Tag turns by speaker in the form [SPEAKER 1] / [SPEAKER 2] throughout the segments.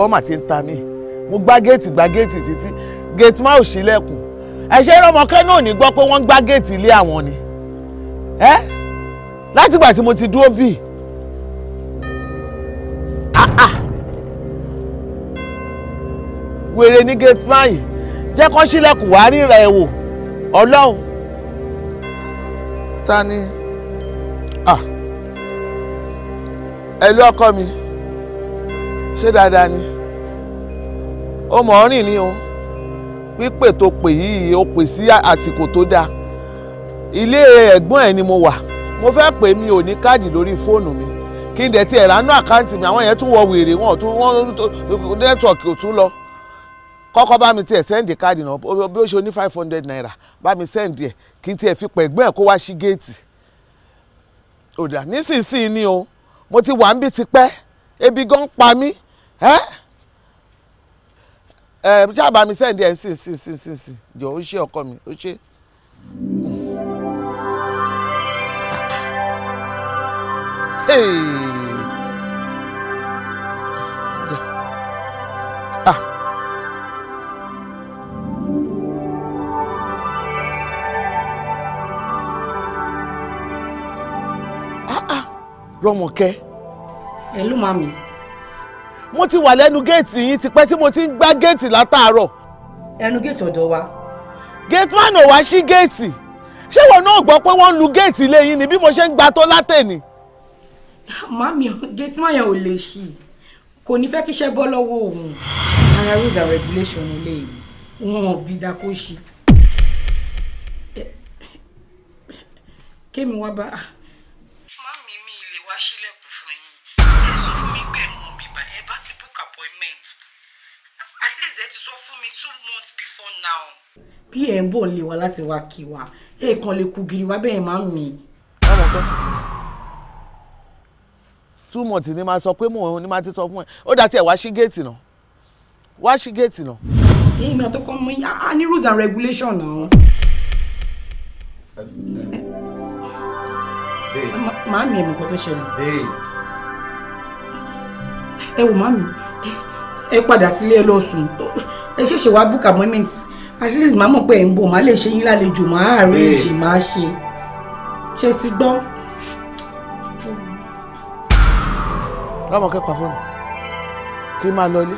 [SPEAKER 1] ọwọ́ mà ti ń ta mí mo gbá géètì gbá géètì títí géètì má ò ṣílẹ̀kùn ẹ̀ṣẹ́ ìrọ̀mọ́kẹ́ náà ní gbọ́ pé wọ́n ń gbá géètì ilé àwọn ni ẹ́ látìgbà tí mo ti dúró bíi wèrè ní gate man yìí jẹ́ kó ṣílẹ̀kùn wá ríra ẹ̀ wò ọlọ́run. ta ni ah ẹ lọ ọkọ mi ṣé dáadáa ni ó mọ̀ ọ́ rìn ni o pípè tó pè yìí ó pè sí àsìkò tó dáa ilé ẹ̀gbọ́n ẹ̀ ni mo wà mo fẹ́ pè mí ò ní káàdì lórí fóònù mi kí n dẹ̀ tiẹ̀ ránú àkáǹtì mi àwọn yẹn tún wọ wèrè wọn tún wọn nẹ́tíwọ̀kì ò tún lọ kọ́kọ́ bá mi tiẹ̀ sẹ́ndì káàdì náà bí ó ṣe ní five hundred naira bá mi sẹ́ndì ẹ̀ kí n tiẹ̀ fi pẹ̀ ẹ̀gbọ́n ẹ̀ kó wá sí géètì òdà nísinsìnyí ni o mo ti wà ń bí tipẹ́ ebi gan pa mí ẹ ẹ ṣé àbá mi sẹ́ǹdì ẹ̀ ń sìn sìn sìn sìn sìn jọ ó ṣe ọkọ mi ó ṣe.
[SPEAKER 2] ah
[SPEAKER 3] ah ah Rọ́mọkẹ́. Hello mami
[SPEAKER 1] mo ti wà lẹ́nu géètì yín tipẹ́ tí mo ti ń gbá géètì látàárọ̀. ẹnu géètì ọ̀dọ̀ wa. géètì máa nà wá sí géètì ṣé wọn náà gbọ́ pé wọ́n lu géètì ilé yín ni bí
[SPEAKER 3] mo ṣe ń gba tó látẹ̀ni. màmí géètì máa yẹn ò lè ṣí kò ní fẹ́ kí iṣẹ́ bọ́ lọ́wọ́ òun ara rules and regulations ilé yìí wọn ò bí dako ṣí. kémi wá bá a. experiment at least ẹ ti sọ fún mi two months before now. bí ẹ ń bò ń lé wa láti wá kí wa ẹ kàn lè two months in màá sọ pé mò ń ní màá ti
[SPEAKER 1] sọ fún ẹ ó dàtí ẹ wá sí géètì náà wá sí géètì náà. èyí
[SPEAKER 3] rules and regulations náà. màámi I'm going to tó ṣẹlẹ̀. hey, wò màámi ẹ padà sílé ẹ lọ sùn ẹ ṣẹ̀ṣẹ̀ wá book appointment at least màá mọ̀ pé ẹ̀ ń bọ̀ màá lè ṣe yín lálejò màá àrẹ́jì màá ṣe ṣe ti gbọ́. lọ́mọ kẹ́kọ̀ọ́ fún mi
[SPEAKER 1] kí n máa lọ ilé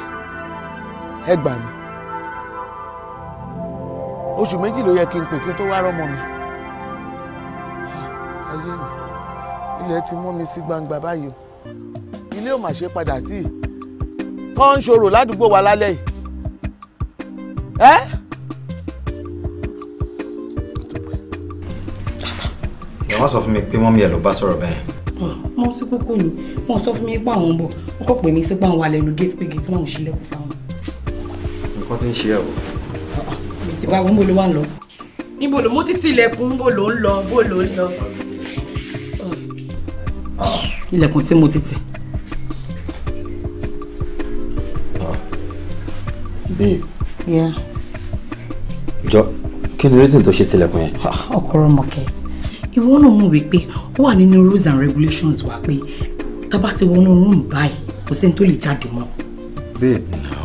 [SPEAKER 1] ẹ gbà mí oṣù méjì ló yẹ kí n pè kí n tó wá rọ́mọ mi ayé mi ilẹ̀ ti mọ́ mi sí gbangba báyìí o ilé ò mà ṣe padà sí i kan ń ṣòro ládùúgbò wa lálẹ́ yìí
[SPEAKER 4] ẹ́ wọ́n sọ fún mi pé mọ́mí ẹ̀ ló bá sọ̀rọ̀ bẹ́ẹ̀.
[SPEAKER 3] mo sí kókó ni wọn sọ fún mi pé àwọn ń bọ̀ wọn kò pè mí sí pé àwọn wà lẹ́nu gate pé gate wọn ò ṣílẹ̀kùn fáwọn.
[SPEAKER 4] nǹkan tí ń ṣe ẹ o.
[SPEAKER 3] mi ti wá níbo ló wà ń lọ. níbo ló mo ti ti ilẹ̀kùn ló ń lọ bó ló ń lọ. ilẹ̀kùn tí mo ti tì. babe. yeah.
[SPEAKER 4] jọ kí ni reason tó ṣe tilẹ̀kùn yẹn.
[SPEAKER 3] ọkọọrọ mọkẹ ìwọ náà mọ̀ wípé ó wà nínú rules and regulations wa pé tá bá ti wọnú room báyìí kò sẹ́ni tó lè jáde
[SPEAKER 4] mọ́. babe náà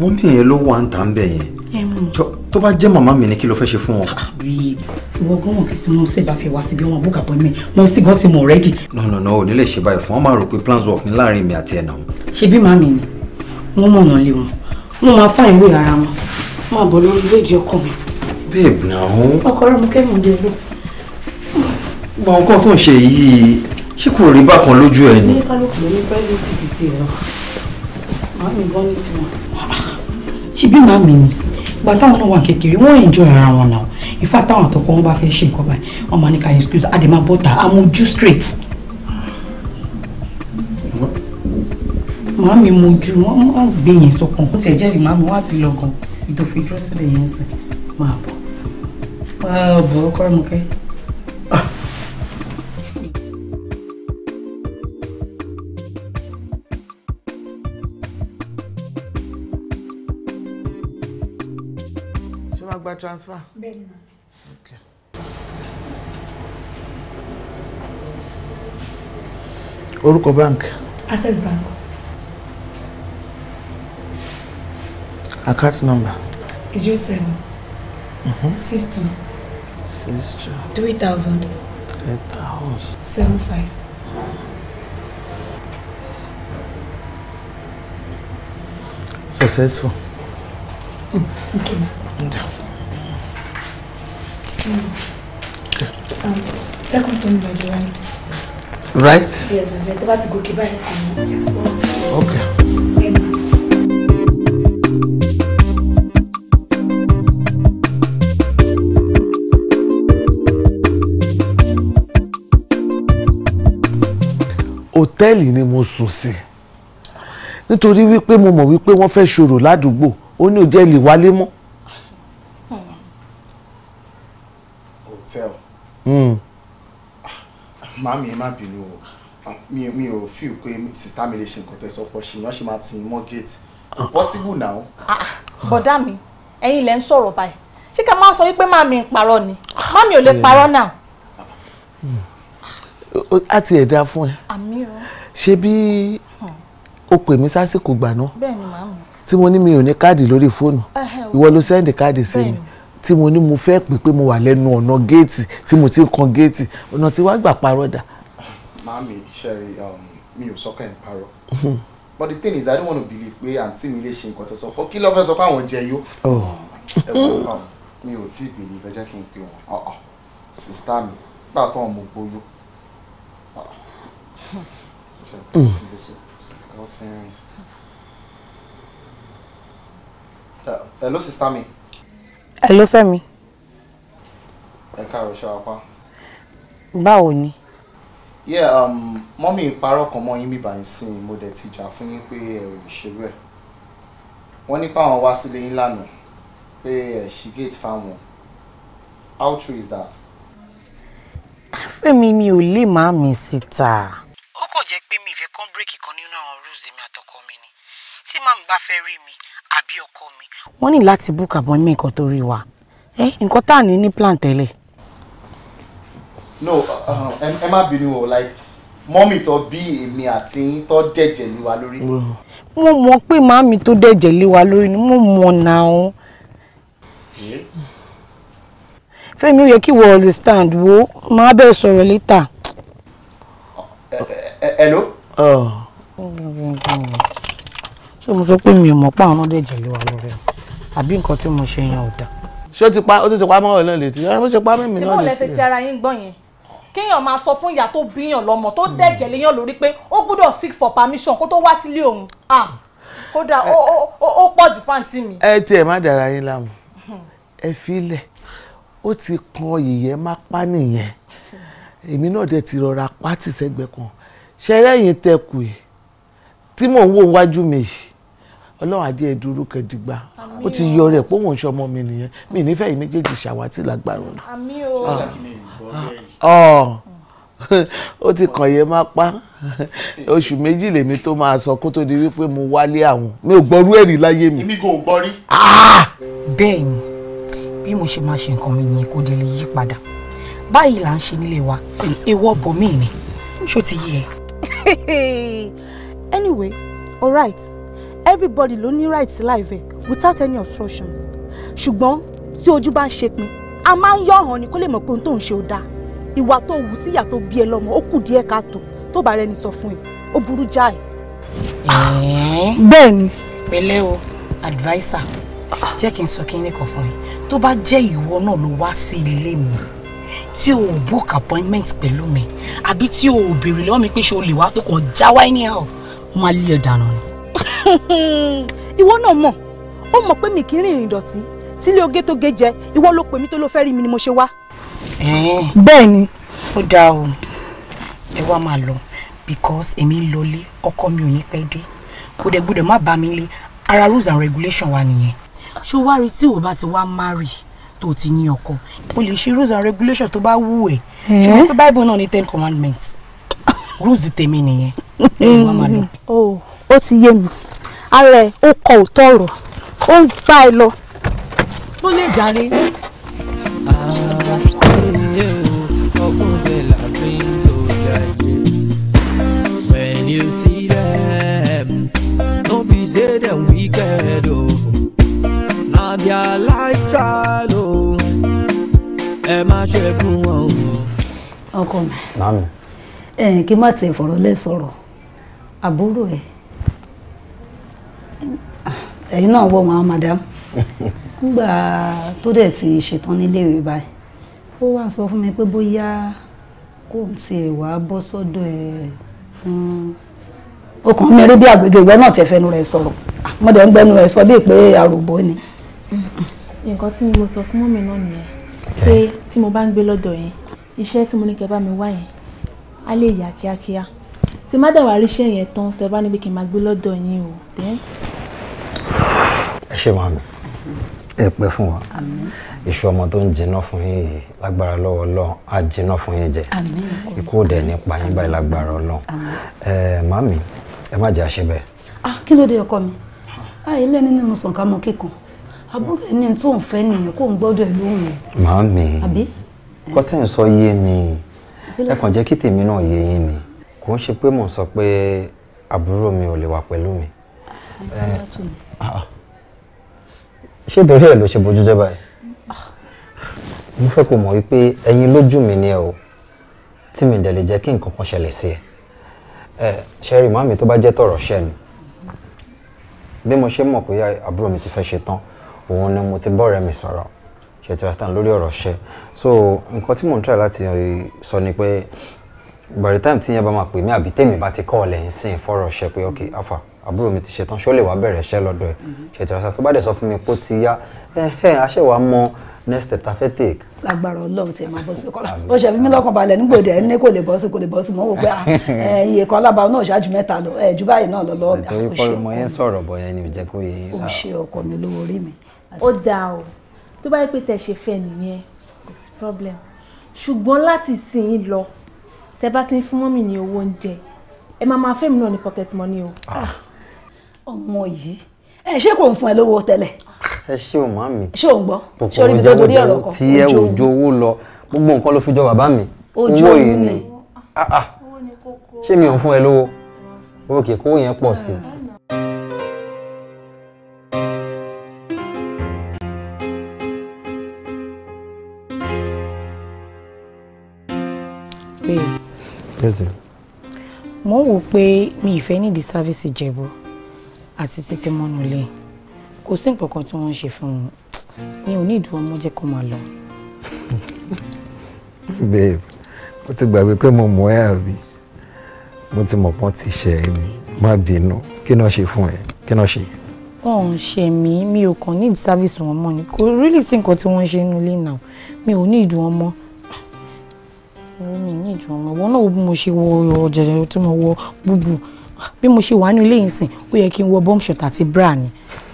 [SPEAKER 4] wọn bí yẹn ló wà ń tà ń bẹ yẹn. jọ tó bá jẹ́ màmá mi ni kí ló fẹ́ ṣe fún wọn.
[SPEAKER 3] àbí ah, ìwọ gan wọn kì í sí wọn ṣe bá fẹ́ wá síbi wọn book appointment
[SPEAKER 4] wọn sì gan sí mọ already. no no no ò ní lè ṣe báyìí fún wọn máa rò pé plans work ní láàrin mi àti ẹ̀ náà.
[SPEAKER 3] ṣebí màmí ni wọn mọ̀nà lé wọn mo máa fà ìwé ara wọn máa bọ̀ lórí ilé ìjẹ ọkọ mi.
[SPEAKER 4] babe na o.
[SPEAKER 3] ọkọ rẹ mo kẹ́mi ìdí ẹgbẹ́.
[SPEAKER 4] gba nǹkan tó ń ṣe yìí ṣé kò rí bákan lójú ẹ ni. ní
[SPEAKER 3] kálukú ló ní pẹ́ẹ́lẹ́sì títí ẹ̀ lọ màámi gan ní tiwọn. ṣebí màámi ni ìgbà táwọn náà wà kékeré wọ́n enjoy ara wọn náà ìfà táwọn àtọkọ wọn bá fẹ́ ṣe nǹkan báyìí wọn máa ní ká excuse àdèmàbọ̀tà àmójú straight. màá mi mojú wọn wá gbé yẹn sọkàn ó tiẹ̀ jẹ́rìí màá mi wá ti lọ gan ìtòfin dúró sílẹ̀ yẹn sìn máa bọ̀ máa bọ̀ ọkọ rẹ̀ mọ́kẹ́. Ah.
[SPEAKER 1] gba transfer?
[SPEAKER 5] Bẹ́ẹ̀ni ma. Okay.
[SPEAKER 1] Orúkọ bank? Access Bank. Account number?
[SPEAKER 6] Is It's seven. Mm-hmm.
[SPEAKER 3] 62.
[SPEAKER 7] 62.
[SPEAKER 6] 3000. 3000.
[SPEAKER 3] 75.
[SPEAKER 1] Successful.
[SPEAKER 8] Mm, okay. Mm.
[SPEAKER 9] okay. Um, second one by the
[SPEAKER 3] right. Right? Yes, I'm to go. my dear. Okay.
[SPEAKER 1] hòtẹ́ẹ̀lì ni mo sùn sí nítorí wípé mo mọ̀ wípé wọ́n fẹ́ ṣòro ládùúgbò ó ní òjẹ́ lè wálé mọ́.
[SPEAKER 2] hòtẹ́ẹ̀lì hmm. màmí ẹ má bínú o mi mi ò fi pé sista mi lè ṣe nǹkan tẹ́ sọ pọ̀ ṣìyàn ṣe máa ti mọ́ gate ah. possible now. Ah,
[SPEAKER 9] bọ̀dá mi ẹ̀yin lẹ ń sọ̀rọ̀ báyìí ṣé ká máa sọ wípé màmí ń parọ́ ni ah. màmí ò lè hmm. parọ́ náà
[SPEAKER 1] á ti ẹ̀ dáa fún ẹ. àmì o. ṣé bí hmm. o pè mí sásìkò gbà náà. bẹ́ẹ̀ni màámu. tí mo ní mi ò ní káàdì lórí fóònù ìwọ ló sẹ́ndì káàdì sí mi tí mo ní mo fẹ́ pè pé mo wà lẹ́nu ọ̀nà géètì tí mo ti ń kan géètì ọ̀nà tí wàá gbà parọ́ dà.
[SPEAKER 2] màámi ṣẹ́rí um, mi ò sọ́kàn ẹ̀ parọ́ hmm. but the thing is i don't want to believe pé àǹtí mi lè ṣe nǹkan tó sọ pé kí ló fẹ́ sọ pé àwọn jẹ yó. Oh. Um, mi ò tí ì believe ẹ jẹ́ kí n pè wọ́n ah, ah. sister mi gbà tó àwọn mo gbóyó Hello, sister mi. Hello, Fẹ́mi. Ẹ káàárọ̀ ṣe apá. Báwo Yeah, um, mọ́mí parọ́ kan imi yín bíbá yín sí mo dẹ̀ ti jà fún yín pé ẹ ò lè ṣerú ẹ̀. Wọ́n ní páwọn wá sílé yín lánàá pé How true is that?
[SPEAKER 3] femi mi ò lè má mi síta kò jẹ́ pé mi ìfẹ́
[SPEAKER 10] kán bírèkì kan nínú àwọn rules
[SPEAKER 3] èmi àtọkọ mi ni tí màmú bá fẹ́ rí mi àbí ọkọ mi. wọ́n ní láti book appointment kan tó rí wa nǹkan tá à ní ní plan tẹ́lẹ̀.
[SPEAKER 2] no um, ẹ má bínú o like mọ́mì tó bí èmi àti tó dẹ̀jẹ̀ lé wa
[SPEAKER 3] lórí. mo mọ̀ pé màmí tó dẹ̀jẹ̀ lé wa lórí ni mo mọ̀ náà o. Eh? Fẹ́mi ó yẹ kí wọ́n understand wo màá bẹ́ẹ̀ sọ̀rọ̀ later.
[SPEAKER 2] Eh, eh, hello.
[SPEAKER 3] Oh. ṣé mo sọ pé mi ò mọ̀ pé àwọn ọmọdé jẹ̀lé wa lórí àbí nǹkan tí mo ṣe yẹn ò dáa.
[SPEAKER 1] ṣé ó ti pa ó ti pa mọ́ ọ̀rẹ́ náà létí ó ti pa mímí náà létí. tí mo lè fi ti
[SPEAKER 3] ara yín gbọ́ yẹn kéèyàn máa sọ fún ìyá tó bíyàn lọ́mọ tó dẹ̀jẹ̀ hmm. léyàn lórí pé ó gbọ́dọ̀ seek for permission kó tó wá sílé òun kódà ó pọ̀ jù fáǹtì mi.
[SPEAKER 1] ẹ tiẹ̀ má dára yín láàmú ẹ filẹ̀ ó ti kan yìyẹ́ má pa nìyẹn èmi náà dẹ̀ ti rọra pátì sẹ́gbẹ̀ẹ́ kan ṣẹlẹ́yìn tẹkù ẹ̀ tí mò ń wò wájú mi yìí ọlọ́run adé ẹ̀ dúró kẹ́dígbà ó ti yọ rẹ̀ pé òun ṣọmọ mi nìyẹn mi nífẹ̀ẹ́ yìí méjèèjì ṣàwátì lágbára ọ̀nà. Ah. Ah. ó ti kàn yẹn má pa oṣù méjì lèmi tó máa sọ kó tó di wípé mo wálé àwọn mi ò gbọ́rú ẹ̀rí láyé mi. èmi kò gbọ́ rí. Ah!
[SPEAKER 3] bẹ́ẹ̀ ni bí mo ṣe máa ṣe nǹkan mi ni kò dé lè yí padà báyìí là ń ṣe nílé wa èèwọ̀ bòmíì ni ṣó ti yé ẹ. anyway alright everybody ló ní right sí without any obstructions ṣùgbọ́n tí ojú bá ń ṣe pin a máa ń yọ̀hàn ni kó lè mọ̀ pé ohun tó ń ṣe ò dáa ìwà tó wù sí ìyà tó bí ẹ lọ́mọ ó kù díẹ̀ káàtó tó bá rẹni sọ fún ẹ ó burú jáì. bẹ́ẹ̀ ni. pẹ̀lẹ́ o adviser jẹ́ kí n sọ kí n ní fún ẹ tó bá jẹ́ ìwọ náà ló wá sí ilé mi tí o book appointment pẹ̀lú mi àbí tí o béèrè lọ́wọ́ mi pé ṣé o lè wá tó kọ̀ já wá ní ẹ̀ ọ́ mo máa lé ẹ dànù ni. ìwọ náà mọ̀ ó mọ̀ pé mi kì í rìnrìn ìdọ̀tí tílé oge tó gé jẹ ìwọ ló pè mí tó ló fẹ́ rí mi ni mo ṣe wá. bẹ́ẹ̀ ni. ó dáa o ẹ wá máa lọ because èmi ń lọlé ọkọ mi ò ní pẹ́ dé gbọdẹ̀gbọdẹ̀ má bá mi lé ara rules and regulations wa nìyẹn ṣó wá rí tí ìwọ bá ti wá marry tó ti ní ọkọ o lè ṣe rules and regulations tó bá wù ẹ́ ṣùgbọ́n pé bible náà ní ten commandments rules tèmi nìyẹn o oh, ó ti yé mi ara ẹ kọ òótọ́ ọ̀rọ̀ ó ń bá ẹ lọ. ó lè jàre.
[SPEAKER 10] When you see them, no be say oh, na their lifestyle oh.
[SPEAKER 6] ọkọ
[SPEAKER 4] mi
[SPEAKER 6] kí má ti fọ̀rọ̀ lẹ́ sọ̀rọ̀ àbúrò ẹ ẹ̀yin náà wọ̀ wọn madam nígbà tó dẹ̀ ti ṣetán níléèwé báyìí ó wá sọ fún mi pé bóyá kò tiẹ̀ wá bọ́ sọ́dọ̀ fún ọkàn bí náà rẹ sọ̀rọ̀ mo dẹ̀ ń rẹ sọ bíi pé ni.
[SPEAKER 9] nǹkan tí mo sọ fún náà nìyẹn pé tí mo bá ń gbé lọ́dọ̀ yẹn iṣẹ́ tí mo ní kẹ́ bá mi wá yẹn á lè yá kíákíá tí má dàwà ríṣẹ́ yẹn tán tẹ́ bá níbi kí n máa gbé lọ́dọ̀ yín o tẹ́.
[SPEAKER 4] ẹ ṣe máa mi ẹ pẹ́ fún wa iṣu ọmọ tó ń jiná fún yín yìí lágbára lọ́wọ́ Ọlọ́run á jiná fún yín jẹ ikú òde nípa yín báyìí lágbára Ọlọ́run ẹ màmí ẹ má jẹ́ àṣẹ bẹ́ẹ̀.
[SPEAKER 6] ah kí ló dé ọkọ mi ah ilé ẹni ni mo sàn ká mọ kíkan àbúrò ẹni tó ń fẹ́ nìyẹn kó ń gbọ́dọ̀ ẹ lóhùn.
[SPEAKER 4] màámi kọ́tẹ́ ń sọ yé mi ẹ kàn jẹ́ kí tèmi náà yé yín ni kò ń ṣe pé mò ń sọ pé àbúrò mi ò lè wà pẹ̀lú mi. Ah, ah. ṣé ìdórí ẹ̀ ló ṣe bójú jẹ́ báyìí ah. mo fẹ́ kó mọ̀ wípé ẹ̀yin lójú mi ni ẹ o tí mi dẹ̀ lè jẹ́ kí nǹkan kan ṣẹlẹ̀ sí ẹ ṣẹ́rí màámi tó bá jẹ́ tọ̀rọ̀ ṣẹ́ ni bí mo ṣe mọ̀ pé àbúrò mi ti fẹ́ ṣe tán òun ni mo ti bọ́ọ̀rẹ́ mi sọ̀rọ̀ ṣètò understand lórí ọ̀rọ̀ ṣe so nǹkan tí mò ń try láti sọ ni pé by the time tí yẹn bá máa pè mí àbí tèmi bá ti kọ́ ọ lẹ́yìn sí ìfọ̀rọ̀ ṣe pé ok afa àbúrò mi ti ṣetán ṣó lè wá bẹ̀rẹ̀ iṣẹ́ lọ́dọ̀ ẹ̀ mm-hmm. ṣètò understand tó bá dẹ̀ sọ fún mi pé ó ti yá ẹ ẹ aṣẹ́wàá mọ next step ta fẹ́ take
[SPEAKER 6] lágbára ọlọ́run tí ẹ máa bọ́ sí kọ́lá ó ṣe fún mi lọ́kàn balẹ̀ nígbò dẹ̀ ẹni kò lè bọ́ sí kò lè bọ́ sí mọ́ wò pé ah, iye kan alábàá náà ṣáájú mẹ́ta lọ ẹ̀ ju báyìí náà lọ lọ́wọ́ ah,
[SPEAKER 4] mi. àtẹ̀wé kọ́ yẹn sọ̀rọ̀ bọ̀ yẹn ni ò jẹ́ kó yẹ yín sá. ó ṣe ọkọ mi lówó orí mi
[SPEAKER 6] ó dáa o
[SPEAKER 9] tó bá yẹ pé tẹ ṣe fẹ́ nìyẹn kò sí problem ṣùgbọ́n láti sìn lọ tẹ bá ti ń fún mọ́mì ní owó oúnjẹ ẹ máa máa fẹ́mi náà ní pocket money o. Ah.
[SPEAKER 6] ọmọ yìí ẹ ṣé kò ń fún ẹ lówó tẹ́lẹ̀.
[SPEAKER 4] ẹ ṣé o má mi.
[SPEAKER 6] ṣé o ń gbọ́ ṣé orí mi tó dorí ọ̀rọ̀ kan. tí ẹ ò jo
[SPEAKER 4] owó lọ gbogbo nǹkan ló fi jọ bàbá mi.
[SPEAKER 6] ojú òun ni.
[SPEAKER 4] Ah, ah. ṣé mi ò ń fún ẹ lówó? òkè kówó yẹn pọ̀ sí i.
[SPEAKER 3] mo ń wò mi ìfẹ́ nídìí sáfíìsì jẹ̀bú àti títí mọ́nú lé kò sí nǹkan kan tí wọ́n ń ṣe fún mi ò ní ìdúró ọmọ jẹ́ kó máa
[SPEAKER 4] babe mo ti gbàgbé pé mo mọ̀ ẹ́ àbí mo ti mọ̀ pọ́n ti ṣe mi ma bínú kí náà ṣe fún ẹ kí náà ṣe.
[SPEAKER 3] wọn ò ṣe mí mi ò kàn ní ìdí sáfíìsì wọn mọ́ ni kò rí lè sí nǹkan tí wọ́n ń ṣe nílé mi ò ní ìdúró orí mi ní ìjọ ọmọ náà mo ṣe wọ jẹjẹrẹ tí mo wọ búbu bí mo ṣe wà nínú ilé yìí sìn ó yẹ kí n wọ bomb àti bra ni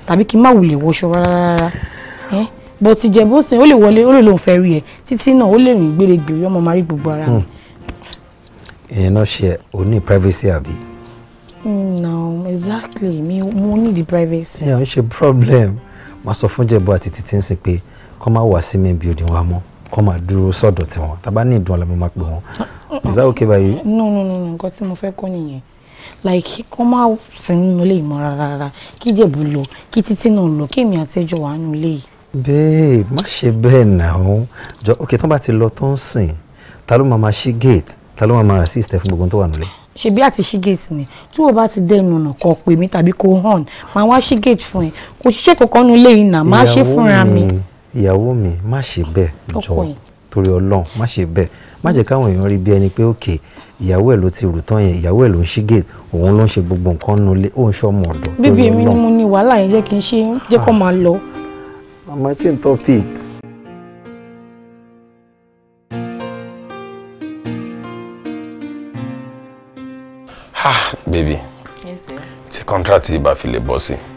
[SPEAKER 3] tàbí kí n má wulẹ̀ wọṣọ rárá bó ti jẹ bó sìn ó lè wọlé ó lè lòun fẹ́ rí ẹ títí náà ó lè rìn gbèrègbèrè ọmọ máa rí gbogbo ara mi.
[SPEAKER 4] ìyẹn náà ṣe ò ní privacy àbí.
[SPEAKER 3] no exactly mi mo need privacy. ẹ ò
[SPEAKER 4] ń ṣe problem màá sọ fún jẹ̀bú àti títí ń sìn pé kọ́ máa wà sí mi bí odi wa mọ́ kọ́ máa dúró sọ́dọ̀ tiwọn tàbá ní ìdùn ọ̀la mo máa pè wọ́n is that okay by you.
[SPEAKER 3] no no no nǹkan tí mo fẹ́ kọ́ nìyẹn like kọ́ máa sí nínú ilé ìmọ̀ rárá kí Ìjẹ̀bú lọ kí títí náà lọ kí èmi àti wà nínú ilé yìí.
[SPEAKER 4] babe má ṣe bẹ́ẹ̀ náà jọ ok tán bá ti lọ tó ń sìn ta ló máa máa ṣí gate ta ló máa máa assist ẹ fún gbogbo tó wà nílé
[SPEAKER 3] ṣebí àti ṣígèètì ni tí o bá ti dẹnu ọ̀nà kan pè mí tàbí kò hàn máa wá ṣígèètì fún ẹ kò ṣiṣẹ́ kankan nu lẹ́yìn náà máa ṣe fúnra mi
[SPEAKER 4] ìyàwó mi má ṣe bẹ́ẹ̀ jọ̀ọ́ torí Ọlọ́run má ṣe bẹ́ẹ̀ má jẹ́ káwọn èèyàn rí bí ẹni pé òkè ìyàwó ẹ̀ ló ti rù tán yẹn ìyàwó ẹ̀ ló ń ṣí gate òun ló ń ṣe gbogbo nǹkan nù lé òun ṣọmọ ọ̀dọ̀ torí Ọlọ́run. bíbí èmi ni mo
[SPEAKER 3] ní wàhálà yẹn jẹ́ kí n ṣe jẹ́ kó ah. máa lọ.
[SPEAKER 4] mama chin topic. ah baby
[SPEAKER 9] yes, tí
[SPEAKER 7] contract yìí bá fi lè bọ́ sí i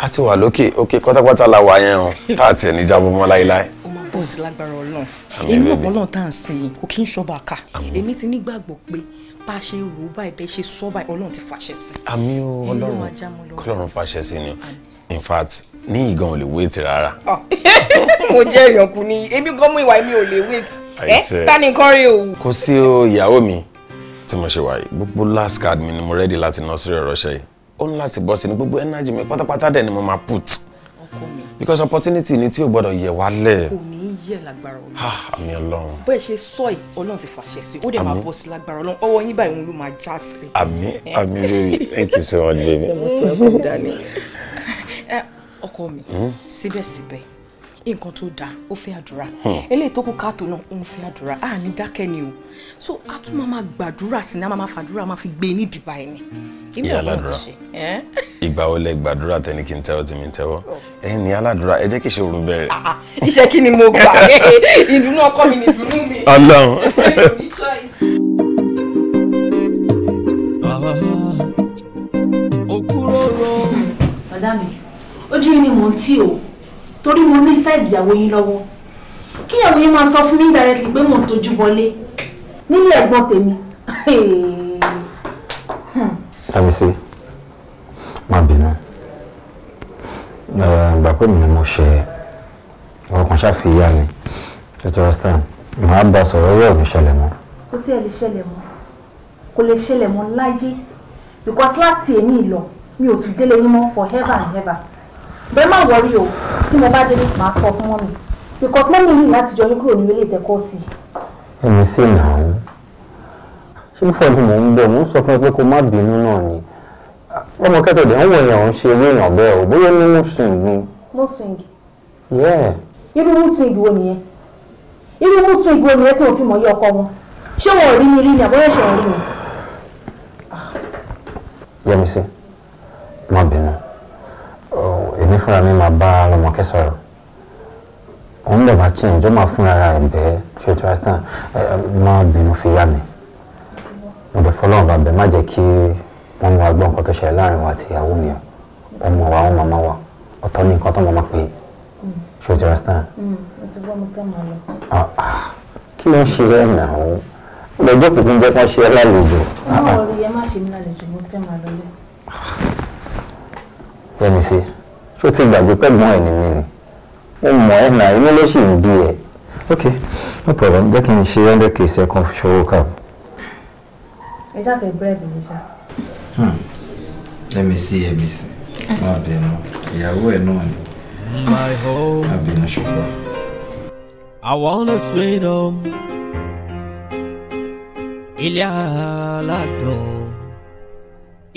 [SPEAKER 7] a ti wà lókè òkè pátápátá la wà yẹn o tá a tiẹ̀ ní
[SPEAKER 3] jábọ́ mọ́ láéláé. o máa bọ̀ sí lágbára ọlọ́run èmi náà bọ́ lọ́n tá à ń sìn kò kí n ṣọ́ba ká èmi ti nígbàgbọ́ pé bá a ṣe rò ó báyìí bẹ́ẹ̀ ṣe sọ báyìí ọlọ́run ti fàṣẹ sí.
[SPEAKER 7] àmì o ọlọ́run kọlọ́run fàṣẹ sí ni in fact ní ìgan ò lè wéètì rárá. Ah.
[SPEAKER 3] mo jẹ́ ìyànkú ni èmi gan mú ìwà mi ò lè wéètì ẹ eh? ta ni nǹkan rí o.
[SPEAKER 7] kò sí o ìyàwó mi tí mo ṣe wáyé gbogbo last card mi ni mo rẹ́dí láti ná sórí ọ̀rọ̀ ṣẹ́yìn ó ń láti bọ́ sí ní gbogbo energy mi pátápátá dẹ̀ ni mo máa put because opportunity ni tí o gbọ́dọ̀ yẹ wálẹ̀. kò
[SPEAKER 3] ní í yẹ lágbára Ọlọ́run.
[SPEAKER 7] ha ah, àmì Ọlọ́run.
[SPEAKER 3] bó ẹ ṣe sọ ẹ Ọlọ́run ti fàṣẹ sí ó dẹ̀ máa bọ́ sí lágbára Ọlọ́run ọwọ́ yín báyìí òun ló máa já sí. àmì àmì baby thank you so much baby. ọkọ mi hmm? síbẹ̀síbẹ̀ nǹkan tó dáa ó fẹ́ àdúrà hmm. eléyìí tó kù káàtó náà ó ń fẹ́ àdúrà á ní dákẹ́ ni o so a tún máa ma gbàdúrà sí ni a máa ma fàdúrà máa fi gbé ní ìdìbà ẹ̀ ìyá aládùúrà
[SPEAKER 7] ìgbà wo lẹ gbàdúrà tẹni kí n tẹ́wọ́ tí mi ń tẹ́wọ́ oh. ẹ ní aládùúrà ẹ jẹ́ kí iṣẹ́ òru bẹ̀rẹ̀. Ah, ah, iṣẹ́ kí ni mo gbà
[SPEAKER 3] ìdùnnú ọkọ mi ni ìdùnnú
[SPEAKER 7] mi.
[SPEAKER 9] ọ̀dà mi ojú ni mò ń tì o torí mo ní size ìyàwó yín lọ́wọ́ kí ìyàwó yín máa sọ fún mi directly pé mò ń tojú bọlé nílé ẹ̀gbọ́n tèmi.
[SPEAKER 4] Sàmìsí, hmm. má bínú. Gbà pé mi ni mo ṣe ọkàn ṣàfihàn mi. Ṣètò Rastan, màá bá sọ̀rọ̀ ọwọ́ mi ṣẹlẹ̀ mọ́.
[SPEAKER 9] Kò tí ẹ lè ṣẹlẹ̀ mọ́. Kò lè ṣẹlẹ̀ mọ́ láyé. Because láti èmi lọ, mi ò tún délé yín mọ́ forever and ever bẹ́ẹ̀ má wọrí o tí mo bá délé màá sọ fún mọ́mì because mọ́mì yìí láti jọ yín kúrò ní ilé ìtẹ́kọ́ sí i.
[SPEAKER 4] èmi sì náà ṣé fọdún mò ń bọ̀ mò ń sọ fún ẹ pé kó má bínú náà ni ọmọ kẹtọdẹ ń wọ èèyàn ṣe irú èèyàn bẹ́ẹ̀ ò bóyá ní mood swing ni.
[SPEAKER 9] mood swing. irú mood swing wo nìyẹn irú mood swing wo nìyẹn tí mo fi mọ̀ yí ọkọ wọn ṣé wọn ò rí mi rí ni àbóyá ẹ̀ṣẹ̀ rí mi.
[SPEAKER 4] Yẹ́misí má bínú èmi fúnra mi máa bá Rọmọkẹ́ sọ̀rọ̀ òun lè máa change ó máa fúnra ara ẹ̀ bẹ́ẹ̀ ṣe tí wọ́n tán máa bínú fi yá mi mo dẹ̀ fọlọ́run bàbẹ̀ má jẹ́ kí wọ́n mú wa gbọ́ nǹkan tó ṣẹlẹ̀ láàrin wa àti ìyàwó mi ọmọ wa ọmọ màmá wa ọ̀tọ̀ ní nǹkan tó mọ̀ pé ṣe tí wọ́n tán. kí ló ń ṣe ẹ̀ náà lọ́jọ́ kò kí ń jẹ́ kí wọ́n ṣe ẹ́ lálejò. ọmọ ah, ah.
[SPEAKER 9] orí ẹ má ṣe ní lálejò mo ti fẹ́ máa lọ lẹ́
[SPEAKER 4] yẹmi sí ṣó ti gbàgbé pẹ̀gbọ́n ẹ̀ ní mi ni mo mọ̀ ẹ́ náà inú ló sì ń bí ẹ̀. ok no problem jẹ́ kí n ṣe hundred k ṣe kan ṣòwò cap.
[SPEAKER 9] ẹ ṣàfẹ́ búrẹ́dì mi ṣá.
[SPEAKER 4] yẹmi sí yẹmi sí má bínú ìyàwó ẹ̀ náà ni má bínú ṣùgbọ́n.
[SPEAKER 10] I wanna freedom ilé aládùn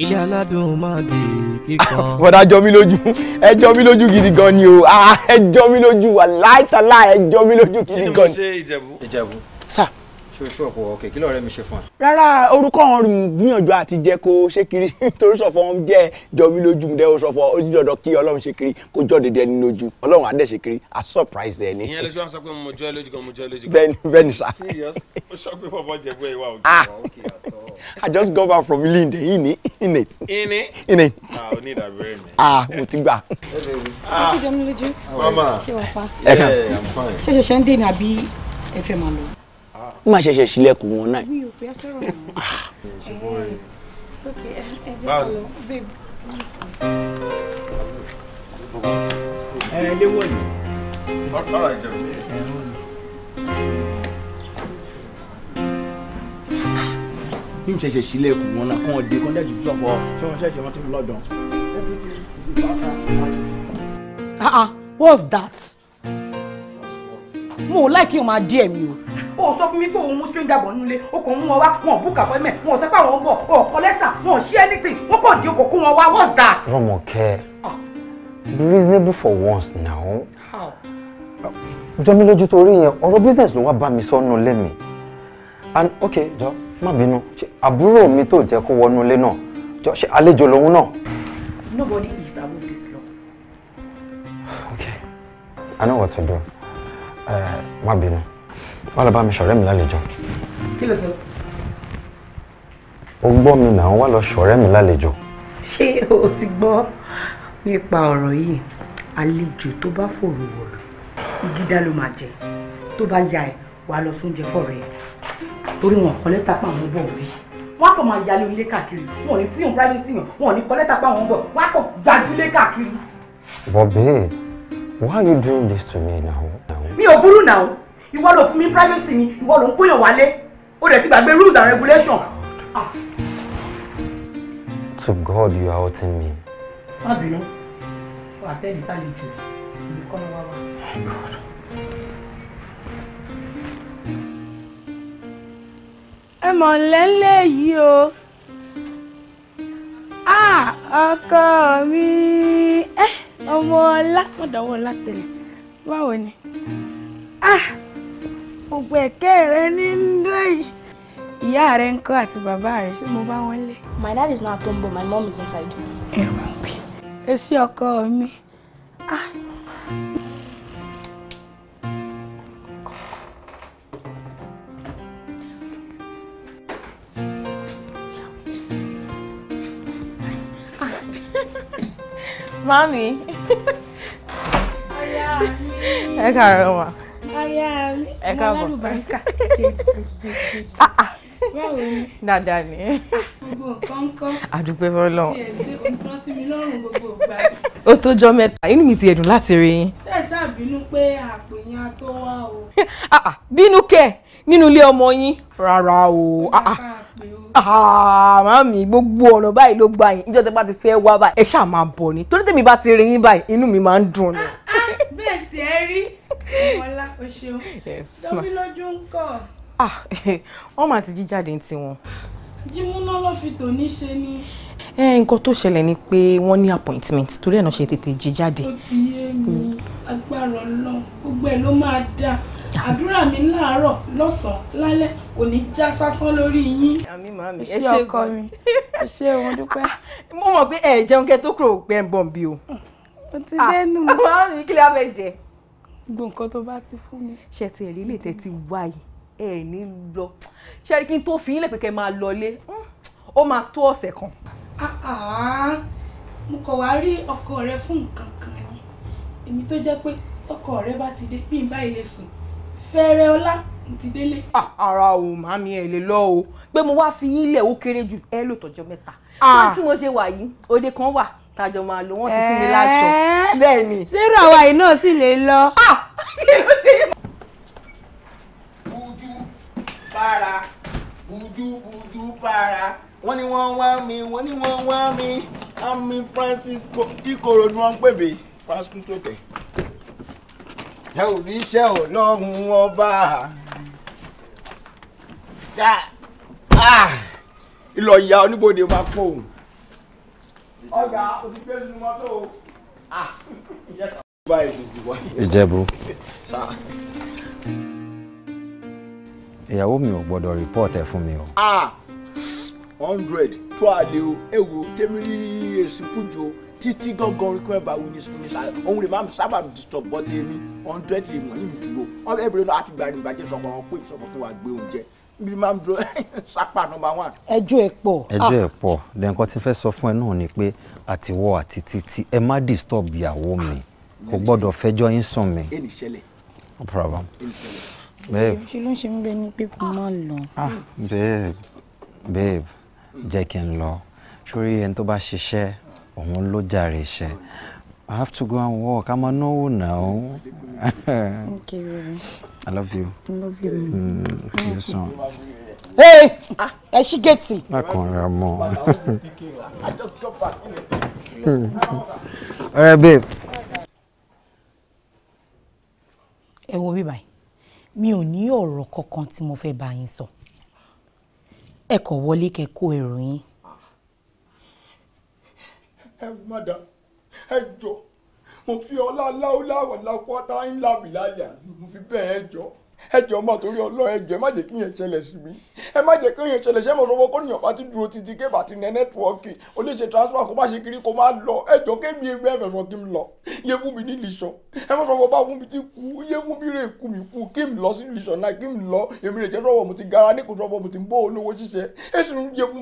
[SPEAKER 10] ilé aládùn máa di
[SPEAKER 4] kíkan. Ah,
[SPEAKER 5] bọ̀dá jọ mí lójú ẹ mí lójú gidi gan ni o ẹ jọ mí lójú aláìtàlá ẹ jọ mí lójú gidi gan ni. Ah, kí ni mo
[SPEAKER 4] ṣe ìjẹ̀bú. ìjẹ̀bú. sáà ṣé o ṣọ̀pọ̀ ọ̀kẹ́ kí lọ́ọ̀rẹ́ mi ṣe fún ẹ.
[SPEAKER 5] rárá orúkọ wọn gbìyànjú àti jẹ kó ṣe kiri torí ṣọ̀fọ̀ wọn jẹ́ jọmí lójú mi dẹ́ o ṣọ̀fọ̀ ó jí dandan kí ọlọ́run ṣe kiri kó jọ́ dédé ẹni lójú ọlọ́run á dẹ̀ ṣe kiri a surprise ẹ ni. ìyẹn
[SPEAKER 7] ló ṣe wá sọ pé mo jọ lójú gan mo jọ lójú gan. bẹ́ẹ̀ni bẹ́ẹ̀ni sá. serious ó sọ pé bọ́bọ́ jẹ
[SPEAKER 3] bóyá ìwà òkè
[SPEAKER 5] I just got back from Linde, Ine, Ine. Ine? Ine.
[SPEAKER 9] Ah, o ní ìdàbẹ̀rẹ̀ mi.
[SPEAKER 5] Ah, mo ti gbà.
[SPEAKER 3] Ah. Ẹ jẹ́ mi lójú. Mama. Ṣé wàá pa? Ẹ kàn. Ṣé ṣẹ̀ṣẹ̀ ń dè ẹ
[SPEAKER 5] má ṣẹ̀ṣẹ̀ ṣílẹ̀kùn wọn náà.
[SPEAKER 3] mi ò ah. babe.
[SPEAKER 5] ṣẹ̀ṣẹ̀ ṣílẹ̀kùn wọn náà kàn dé kàn dẹ́jú sọ̀pọ̀ ṣé wọ́n ṣẹ̀ṣẹ̀ wọ́n ti fi lọ́dọ̀.
[SPEAKER 3] Ah, ah what's that mo ò láì kí n máa dí ẹ̀mí o o sọ fún mi pé òun mú stranger bọ̀ nílé o kò mú wọn wá wọn ò book appointment wọn sọ pé àwọn bọ̀ wọn ò lẹ́tà wọn ò ṣe wọn kò di okò wọn wá what's that.
[SPEAKER 4] Rọ́mọkẹ́ ah. be reasonable for once now. How? jọ mi lójú torí yẹn ọ̀rọ̀ business ló wá bá mi sọ́nù lẹ́mìí and okay jọ má bínú àbúrò mi tó jẹ́ kó wọnú ilé náà jọ ṣe àlejò lòun náà.
[SPEAKER 3] nobody is above this law.
[SPEAKER 4] okay i know what to do uh, má bínú wá lọ bá mi ṣọ̀rẹ́ mi lálejò. kí ló sọ. o gbọ́ mi náà wá lọ ṣọ̀rẹ́ mi lálejò.
[SPEAKER 3] ṣé o ti gbọ́ nípa ọ̀rọ̀ yìí àlejò tó bá fòrò wọ̀rọ̀ ìgídá ló máa jẹ tó bá ya ẹ wà lọ sóúnjẹ fọ̀rẹ́ ẹ torí wọn kọ́ lẹ́tà pa àwọn bọ̀ rí wọn kàn máa yálé onílé káàkiri wọn ò ní fíyàn privacy yàn wọn ò ní kọ́ lẹ́tà pa àwọn bọ̀ wọn kàn gbajúlé káàkiri.
[SPEAKER 4] but why are you doing this to me now.
[SPEAKER 3] mi ò burú náà ìwọ ló fún mi privacy mi ìwọ ló ń kóyàn wálé ó dẹ̀ ti gbàgbé rules and regulation. Ah.
[SPEAKER 4] to God you are hurting me.
[SPEAKER 3] má bínú wà á tẹ́ ìdí sálẹ̀ jù ìbí kọ́ ló wá wá. ẹ mọ̀ lẹ́lẹ́ yìí o ah, ọkọ mi eh, ọmọ ọlá mọ̀dọ̀wọ́ ọlá tẹ̀lé báwo ni. Ah gbogbo ẹ̀kẹ́ rẹ nínú yìí ìyá rẹ ń kọ́ àti bàbá rẹ ṣé mo bá wọn lé. my dad is not at home but my mom is inside. ẹ mọ̀ pé èsì ọkọ mi. Ah. Mami. Ẹ káàárọ̀ mà aya mi mo lálùbáríkà báwo ni. dáadáa ni. Ah, gbogbo nǹkan kan. àdúpẹ́ fọlọ́run. tiẹ̀ sí nǹkan sí mi lọ́rùn gbogbo ìgbà. ó tójọ́ mẹ́ta inú mi ti ẹ̀dùn láti rí yín. sẹ́sà bínú pé àpèyàn tó wá o. Ah, ah, bínú kẹ̀ nínú ilé ọmọ yín rárá o màámi gbogbo ọ̀nà báyìí ló gba yín ìjọ́ tẹ́ bá ti fẹ́ wá báyìí ẹ ṣáà máa bọ̀ ni torí tèmi bá ti rí yín báyìí inú mi máa ń dùn ni. bẹ́ẹ̀ tiẹ̀ rí ọmọlá o ṣeun dọ́bílójú ń kọ́. Ah, wọ́n máa ti jí jáde ní tiwọn. jímúná ló fi tòní ṣe ni. nǹkan tó ṣẹlẹ̀ ni pé wọ́n ní appointment torí ẹ̀ náà ṣe tètè jí jáde. ó ti yé mi agbára ọlọ́run gbogbo ẹ̀ ló máa dáa àdúrà mi láàárọ̀ lọ́sàn-án lálẹ́ kò ní já sásán lórí yín. àmì màmí ẹ ṣe ọkọ mi ẹ ṣe òun dúpẹ́. mo mọ̀ pé ẹ jẹun kẹ́ tó kúrò pé ń bọ̀ bí o. mo ti dẹ́nu. Ah, màmí kí lè á fẹ́ jẹ gbogbo nǹkan tó bá ti fún mi. ṣe ti ẹ̀rí lè tẹ́ ti wá yìí ní lọ ṣe kí n tó fi yín lẹ̀ pé kẹ́ máa lọlé hmm, ó máa tó ọ̀sẹ̀ kan. Ah, ah. mo kàn wá rí ọkọ rẹ fún nǹkan kan ni èmi tó jẹ́ pé tọkọ rẹ bá ti dé bí n bá ilé sùn fẹ́rẹ́ ọlá mo ti délé. Ah, ara ò má mi ẹ̀ lè lọ o pé mo wá fi yín lẹ̀ ó kéré jù ẹ lò tọ́jọ́ mẹ́ta. tí mo ṣe wà yìí òde kan wà tájọ máa lò wọ́n ti fún mi láṣọ bẹ́ẹ̀ ni. lérò àwa yìí náà sì lè lọ. Ah! kí ló ṣe é.
[SPEAKER 5] bujú para bujú bujú para wọ́n ní wọ́n wá mi wọ́n ní wọ́n wá mi ami Francisco kíkorò ni wọ́n ń pè mí Francisco tẹ̀. ẹ ò rí iṣẹ́ ọlọ́run ọba ah! ìlọ̀ ìyá oníbodè máa pọ̀ òun ọ̀gá òdìgbé sunu mọ́tò o. Ah, ìjẹ̀bú
[SPEAKER 4] ìyàwó mi ò gbọ́dọ̀ rìpọ́ọ̀tì ẹ̀ fún mi o.
[SPEAKER 5] Ah, hundred tó àlè o ewu tẹ́mírí èsì kújò títí gángan orí kún ẹ̀ bá wí ní sùn nísà òun lè máa sábà disturb bọ́ tèmi hundred lè mọ̀ ní ìdúró ọ̀rẹ́ ìbẹ̀rẹ̀ náà á fi gbàgbé ìbàjẹ́ sọ̀kọ̀ ọ̀pọ̀ ìsọ̀kọ̀ tó wà gbé oúnjẹ bí máa ń dúró sápà nọmba one.
[SPEAKER 3] ẹjọ́ ẹ̀ pọ̀.
[SPEAKER 4] ẹjọ́ ẹ̀ ah. pọ̀ then nǹkan tí fẹ́ sọ fún ẹ náà ni pé àtiwọ àti títí ẹ má disturb ìyàwó ah. mi kò gbọ́dọ̀ fẹjọ́ yín sùn mi. ẹnì ṣẹlẹ̀. no problem. ẹnì ṣẹlẹ̀.
[SPEAKER 3] ṣe ló ṣe mí bẹ́ẹ̀ ni pé kò má lọ. ah
[SPEAKER 4] babe babe kí n lọ sórí ẹni tó bá ṣiṣẹ́ òun ló jàre iṣẹ́ I have to go and work I'm a no now. okay. I love you. I love you. Mm, see you soon. Hey!
[SPEAKER 3] Ah, and she gets it.
[SPEAKER 4] I can't hear more. I just All right, babe.
[SPEAKER 3] Ẹ wo bí báyìí, mi ò ní ọ̀rọ̀ kankan tí mo fẹ́ bá yín sọ. Ẹ kọ̀ wọlé kẹ́ kó ẹrù yín. Ẹ
[SPEAKER 5] ah. eh, madam, ẹ eh, mo fi ọlá láúláwọ̀ lápọ́tà ńlá bìláyà mo fi bẹ́ẹ̀ jọ ẹjọ ọmọ torí ọlọ ẹjọ ẹ má jẹ́ kí yẹn ṣẹlẹ̀ sí mi ẹ má jẹ́ kí yẹn ṣẹlẹ̀ ṣẹ mo sọ fún kóníyàn bá ti dúró títí ké bá ti nẹ nẹtíwọkì ó lè ṣe transfer kó bá ṣe kiri kó má lọ ẹjọ kébi ewu ẹ fẹsọ kí n lọ yẹ fún mi ní lìṣọ ẹ má sọ fún báwo mi ti kú yẹ fún mi rè kú mi kú kí n lọ sí lìṣọ náà kí n lọ èmi rè jẹ sọfọ mo ti gara ní kò sọfọ mo ti bó olówó ṣiṣẹ èsì ń yẹ fún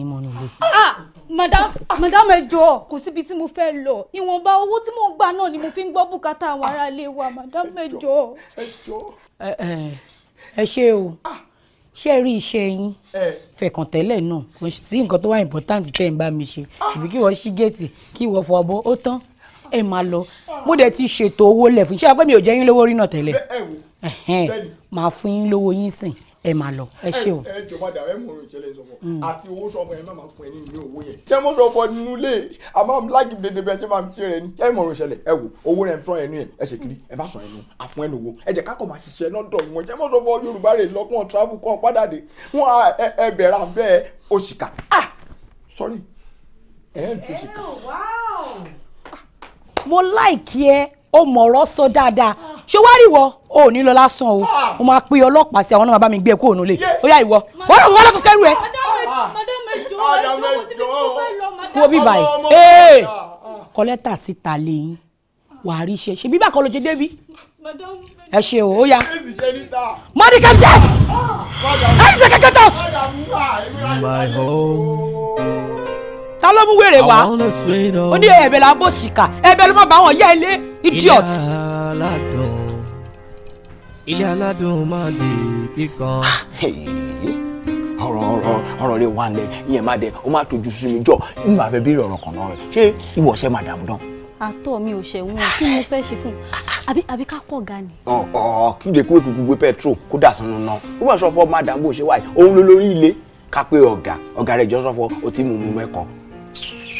[SPEAKER 3] mi
[SPEAKER 6] má madam ah. madam ẹ jọ̀ọ́ kò síbi tí mo fẹ́ lọ ìwọ̀nba owó tí mo gbà
[SPEAKER 3] náà ni mo fi ń gbọ́ bùkátà àwọn aráalé wa madam ẹ jọ̀ọ́. ẹ ṣe o ah. ṣé rí iṣẹ́ yín fẹ̀kàntẹ́lẹ̀ náà kò sí nǹkan tó wà important tẹ́ ẹ̀ ń bá mi ṣe ìbí ah. kí wọ́n ṣí géètì kí wọ́n fọ ọbọ̀ ó tán ẹ máa lọ mo dẹ̀ ti ṣètò owó lẹ̀ fún iṣẹ́ àpẹ́ mi ò jẹ́ yín lówó rí náà tẹ́lẹ̀ máa fún yín lówó yín sìn ẹ máa lọ ẹ ṣe o.
[SPEAKER 5] ẹ jọ padà ẹ mọ̀ràn ìṣẹ̀lẹ̀ ìṣọ̀fọ̀ mm. àti owó sọ̀fọ̀ ẹ má máa fún ẹ ní ìwé owó yẹn. ṣé mo sọ fọ nínú ilé a máa láàgì dédé bẹ́ẹ̀ ṣé máa ṣe rẹ ni ẹ mọ̀ràn ìṣẹ̀lẹ̀ ẹ wò owó rẹ fún ẹnu yẹn ẹ ṣe kiri ẹ bá sọ ẹnu àfún ẹnu wo ẹ jẹ kákọ̀ máa ṣiṣẹ́ lọ́dọ̀ wọn ṣé mo sọ fọ Yorùbá rẹ lọ́kàn travel kan padà dé wọn ẹ bẹ̀rẹ̀ abẹ́ òṣìkà ah
[SPEAKER 3] sorry ẹ̀ ń fi òṣìkà. mo láìkí ẹ ó mọ̀ọ́rọ́ sọ dáadáa ṣé wá rí wọ o ò ní lọ lásán o ah. mo máa pe ọlọ́pàá sí àwọn náà bá mi gbé e kúrò nílé ó yá ìwọ wọ́n lọ́kọ̀ wọ́n lọ́kọ̀ kẹ́rù ẹ̀.
[SPEAKER 5] kú omi báyìí ee
[SPEAKER 3] kọ́lẹ́tà síta lẹ́yìn wà á rí iṣẹ́ ṣe bíbá kọ́ ló ṣe débi ẹ ṣe o ó yá mọ́ni kẹ́kẹ́ ẹ̀ ẹ́ ẹ́ kẹ́kẹ́ tó ta ló mú wèrè wá ó ní ẹ̀bẹ̀ là ń bò ṣìkà ẹ̀bẹ̀ ló má bá wọn yá ilé idiot. ilé
[SPEAKER 10] aládùn ilé aládùn máa di
[SPEAKER 5] kíkan. Ah, ọ̀rọ̀ ọ̀rọ̀ ọ̀rọ̀ lè wà lẹ̀ ìyẹn má dẹ ó má tójú sí mi jọ nígbà fẹ́ bí ọ̀rọ̀ kan náà rẹ̀ ṣé ìwọ ṣe madam dán.
[SPEAKER 6] àtọ mi ò ṣẹ̀wọ̀n kí ni mo fẹ́ ṣe fún un àbí àbí ká kọ̀ ga ni.
[SPEAKER 5] ọ̀ ọ̀ kí lè kó èkúkú gbé petrol kó dà sínú náà ó bá sọ fún madam bó ṣe wáyé òun ló ilé ká pé ọ̀gá ọ̀gá rẹ̀ jọ sọ fún ọ ti mú mú mẹ́kọ̀ọ́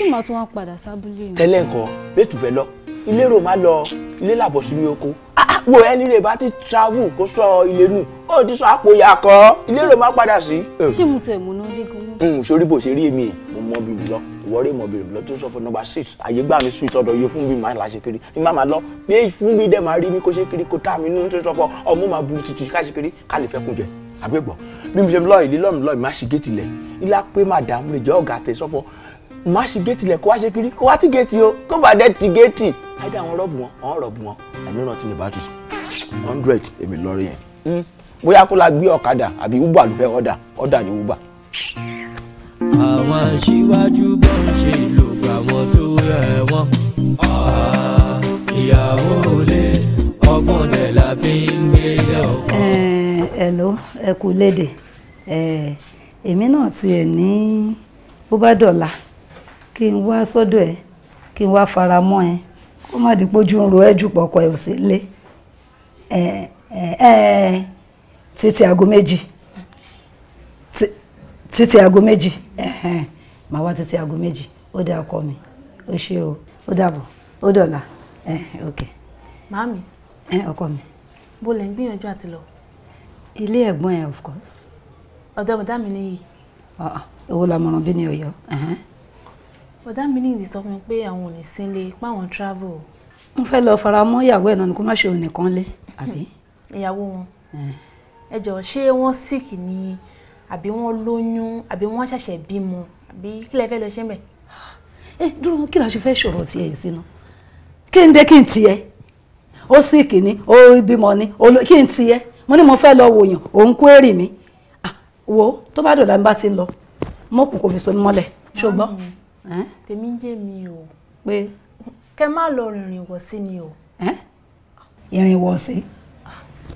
[SPEAKER 6] tí màá tún wá padà sábúlé ni.
[SPEAKER 5] tẹ́lẹ̀ nǹkan bẹ́ẹ̀ tù fẹ́ lọ ilé rò má lọ ilé làbọ̀ sílé oko ah, ah, wo ẹni rẹ̀ bá ti travel kó sọ ilé nù ó ti sọ àpò ìyá kan ilé rò má padà sí. Eh. ṣé
[SPEAKER 6] mo tẹ̀ mú náà lẹ́gàn
[SPEAKER 5] náà. sórí bó ṣe rí èmi mo mọ bí mi lọ ìwọ rí mọ bí mi lọ tó sọ fún nọ́mbà six àyè gbà mí sweet ọdọ yìí fún mi máa láṣẹ kiri ní má máa lọ bí fún mi dẹ̀ máa rí mi kó ṣe kiri kó tá mi nínú tó sọ fún ọmú máa bu tutù ká ṣe kiri ká lè fẹ́ kún jẹ àgbẹ̀gbọ̀ bí mo ṣe lọ ìlú lọ́mùlọ́mù má ṣe gé tilẹ̀ ilá pé má dààmú lè jẹ́ ọ̀gá tẹ̀ sọ́fọ́ má ṣe géètì lẹ̀ kó wá ṣe kiri kó wá ti géètì o kó bá dẹ́ ti géètì àìdá àwọn rọ́ọ̀bù wọn àwọn rọ́ọ̀bù wọn ẹ̀mí rántí ní bàtì hundred èmi lọ́rí yẹn hmm. bóyá kó la gbé ọ̀kadà àbí uber ló fẹ́ ọ̀dà ọ̀dà ni uber. àwọn
[SPEAKER 10] aṣíwájú bọ́ ń ṣe ìlú àwọn tó rẹ̀ wọ́n ìyàwó olè ọgbọ́n dẹ̀ la fi ń gbé ọkọ.
[SPEAKER 6] ẹ eh, ẹ kú léde eh, èmi náà tiẹ̀ kí n wá sọ́dọ̀ ẹ kí n wá fara mọ́ ẹ kó má di pójú ń ro ẹjù pọkọ ẹ ò sí lé ẹ ẹ títí aago méjì títí aago méjì màá wá títí aago méjì ó dá ọkọ mi ó ṣe o ó dàbọ̀ ó dọ̀la ok. màámi. ọkọ mi.
[SPEAKER 9] bó lẹ ń gbìyànjú àti lọ.
[SPEAKER 6] ilé ẹ̀gbọ́n ẹ of course.
[SPEAKER 9] ọ̀dọ́ bọ̀dá mi nìyí.
[SPEAKER 6] èwo la mọ̀ràn bí ni ọ̀yọ́
[SPEAKER 9] bọ̀dá that meaning, ìdí sọ fún mi pé àwọn ò ní sínlé páwọn travel.
[SPEAKER 6] n fẹ́ lọ fara mọ́ ìyàwó ẹ̀ náà ni kó má ṣe òun nìkan lé àbí. Hmm.
[SPEAKER 9] ìyàwó wọn eh. ẹ jọ̀ọ́ ṣé wọ́n sick ni Abi wọ́n lóyún Abi wọ́n ṣẹ̀ṣẹ̀ bímọ àbí kí lẹ fẹ́ lọ ṣe ń Eh,
[SPEAKER 6] ẹ dúró kí la ṣe fẹ́ sọ̀rọ̀ tiẹ̀ yìí sínú kí n dé kí n tiẹ̀ ó sick ni ó bímọ ni kí n tiẹ̀ mo ní mo fẹ́ lọ wòyàn òun kó èrè mi ah, wo tó bá dọ̀la ń bá ti ń lọ mọ́kù kò fi so mọ́lẹ̀ ṣùgbọ́n. Hmm
[SPEAKER 9] tèmi yé mi o pé kẹ má lọ rìnrìn wọ̀ sí
[SPEAKER 6] ni o. ìrìn wọ̀ sí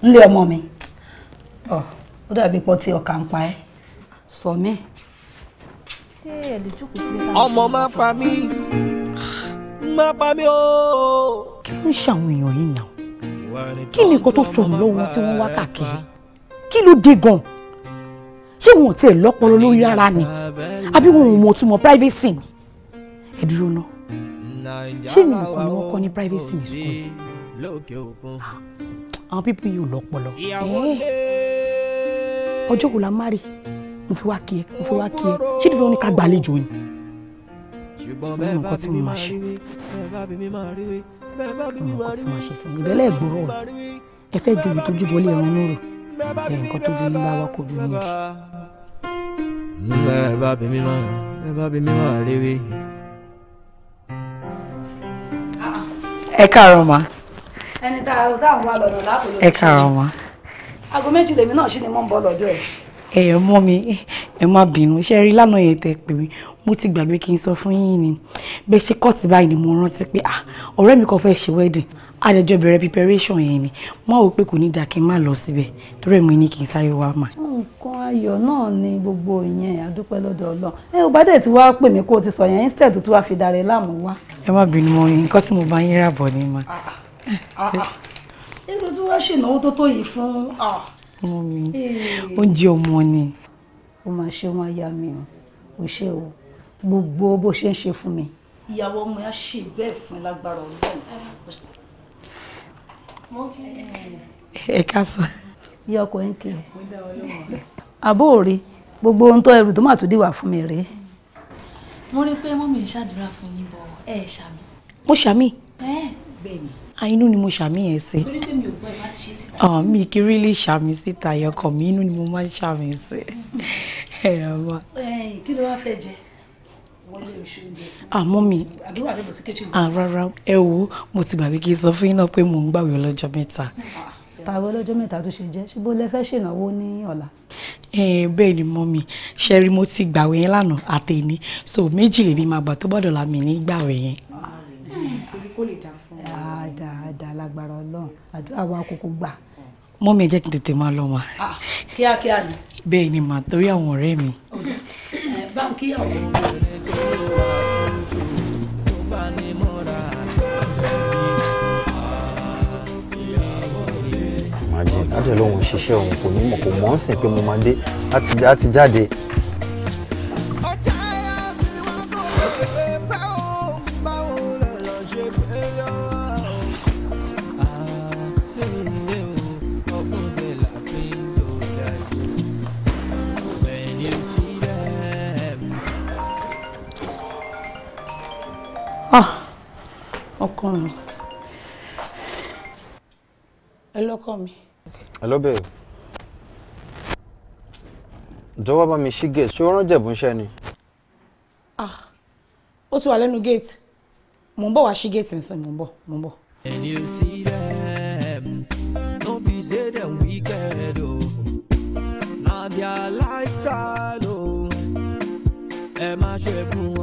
[SPEAKER 6] nílé ọmọ mi ah. ó dàbí pọ́ ọkà ń pa ẹ́ sọ mí.
[SPEAKER 10] ọmọ máa pa mí máa pa mí o.
[SPEAKER 3] kí ló ń ṣàwọn èèyàn yìí náà kí ni nǹkan tó sọnù lọ́wọ́ tí wọ́n wá káàkiri kí ló dé gan ṣé wọn ò tiẹ̀ lọ́pọlọ lórí rárá ni àbí wọn ò mọ̀ ọ́ tún mọ̀ privacy ni ẹ dúró náà ṣé èmi nìkan ni wọ́n kọ́ ní privacy ní
[SPEAKER 10] school
[SPEAKER 3] àwọn pípọ̀ yìí ò lọ́pọlọ ọjọ́ wo la má rí mo fi wá kí ẹ mo fi wá kí ẹ ṣé dídúró ní ká gbàlejò ni mo mọ nǹkan tí mo máa ṣe mo mọ nǹkan tí mo
[SPEAKER 10] máa ṣe fún mi ìbẹ́lẹ̀ ìgboro rẹ
[SPEAKER 3] ẹ fẹ́ ju ìtọ́jú bọ́lé ẹran nírò ẹ nǹkan tó ju nígbà wa kò ju níbi.
[SPEAKER 10] bẹ́ẹ̀ bá bí mi máa bẹ́ẹ̀ bá bí mi máa rí wí.
[SPEAKER 3] ẹ káàárọ̀ ma.
[SPEAKER 6] ẹni tá a tá àwọn alọ̀nà láàbò ló ń ṣe. ẹ káàárọ̀ ma. aago méjì lèmi náà ṣì ni mo ń bọ̀ lọ́dọ̀ ẹ̀.
[SPEAKER 3] ẹ̀yọ̀ mọ́ mi ẹ má bínú ṣe rí lánàá yẹn tẹ pè mí mo ti gbàgbé kí n sọ fún yín ni bẹ́ẹ̀ ṣe kọ́ọ̀tì báyìí ni mo rántí pé ah, ọ̀rẹ́ mi kan fẹ́ ṣe wedding àdẹjọ bẹ̀rẹ̀ preparation yẹn ni mo wò pé kò ní dà kí n má lọ síbẹ̀ torí mo ní kí n sáré wá mà.
[SPEAKER 6] nǹkan ayọ̀ náà ni gbogbo ìyẹn àdúpẹ́ lọ́dọ̀ ọlọ́run ẹ ò bá dẹ̀ ti wá pè mí kó o ti sọ yẹn instead tó wá fi darẹ̀ láàmú wá.
[SPEAKER 3] ẹ má bínú mọ nǹkan tí mo bá yín rà bọ̀ ni mà.
[SPEAKER 6] èrò ah, ah, ah, tí wọ́n ṣèlówó tó tó yìí fún. Eh. oúnjẹ ọmọ ni. ó máa ṣe wọn aya mi o ò ṣe o gbogbo bó ṣe ń ṣe fún mi. ìyàwó ọmọ yẹn ṣe bẹ́ẹ̀ fún ẹ ká sọ. iye ọkọ ẹ ń kiri àbó òre gbogbo ohun tó ẹrù tó mà tún dìwà fún mi rèé.
[SPEAKER 9] mo rí i pé mọ́mí ń ṣàdúrà fún yín bọ̀ ẹ ṣàmì.
[SPEAKER 6] mo ṣàmì.
[SPEAKER 3] bẹ́ẹ̀ni. àìnú ni mo ṣàmì ẹ̀ sí. torí
[SPEAKER 6] pé mi ò gbọ́ ẹ má ti ṣe síta. mi
[SPEAKER 3] kì lè ṣàmì síta ẹ̀yọkàn mi inú ni mo máa ń ṣàmì sí.
[SPEAKER 6] kí ló wá fẹ́ jẹ? àmọ́ mi ah,
[SPEAKER 3] àrárá ah, ẹ wo mo ti gbàgbé kí n sọ fún yín náà pé mò ń gbàwé ọlọ́jọ́ mẹ́ta.
[SPEAKER 6] tàwọn ọlọ́jọ́ mẹ́ta tó ṣe jẹ́ ṣé bó lẹ fẹ́ ṣènáwó ní ọ̀la.
[SPEAKER 3] bẹ́ẹ̀ ni mọ́ mi ṣe rí mo ti gbàwé yẹn lánàá àtẹ̀ní so méjì lèmi máa gbà tó bọ́dọ̀ la mi ní gbàwé yẹn.
[SPEAKER 6] torí kò lè dá fún wa. Ah, dáadáa lágbára ọlọ́run àdúrà wa kúkú gbà
[SPEAKER 3] mọ́ mi ẹ jẹ́ kí n tètè máa lọ mà. kíákíá ni. bẹ́ẹ̀ ni mà torí àwọn ọ̀rẹ́ mi.
[SPEAKER 6] báńkì àwọn ọ̀rẹ́ mi
[SPEAKER 4] ajẹ́ lòun ṣiṣẹ́ òun kò ní mọ̀ kò mọ̀ ọ́n sìn pé mo máa dé láti jáde ọkọ mi ẹ lọ́kọ mi. ẹ lọ bẹ̀rẹ̀ jọ̀wọ́ bá mi ṣí gate ṣé ó rán jẹ̀bù ń ni.
[SPEAKER 3] ah ó ti wà lẹ́nu gate mò ń bọ̀ wá ṣí gate nsìn mò ń bọ̀ mò ń bọ̀.
[SPEAKER 10] and you see them no be say dem wicked o na their lifestyle o ẹ má ṣe kún.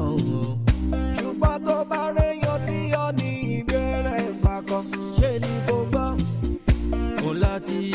[SPEAKER 10] party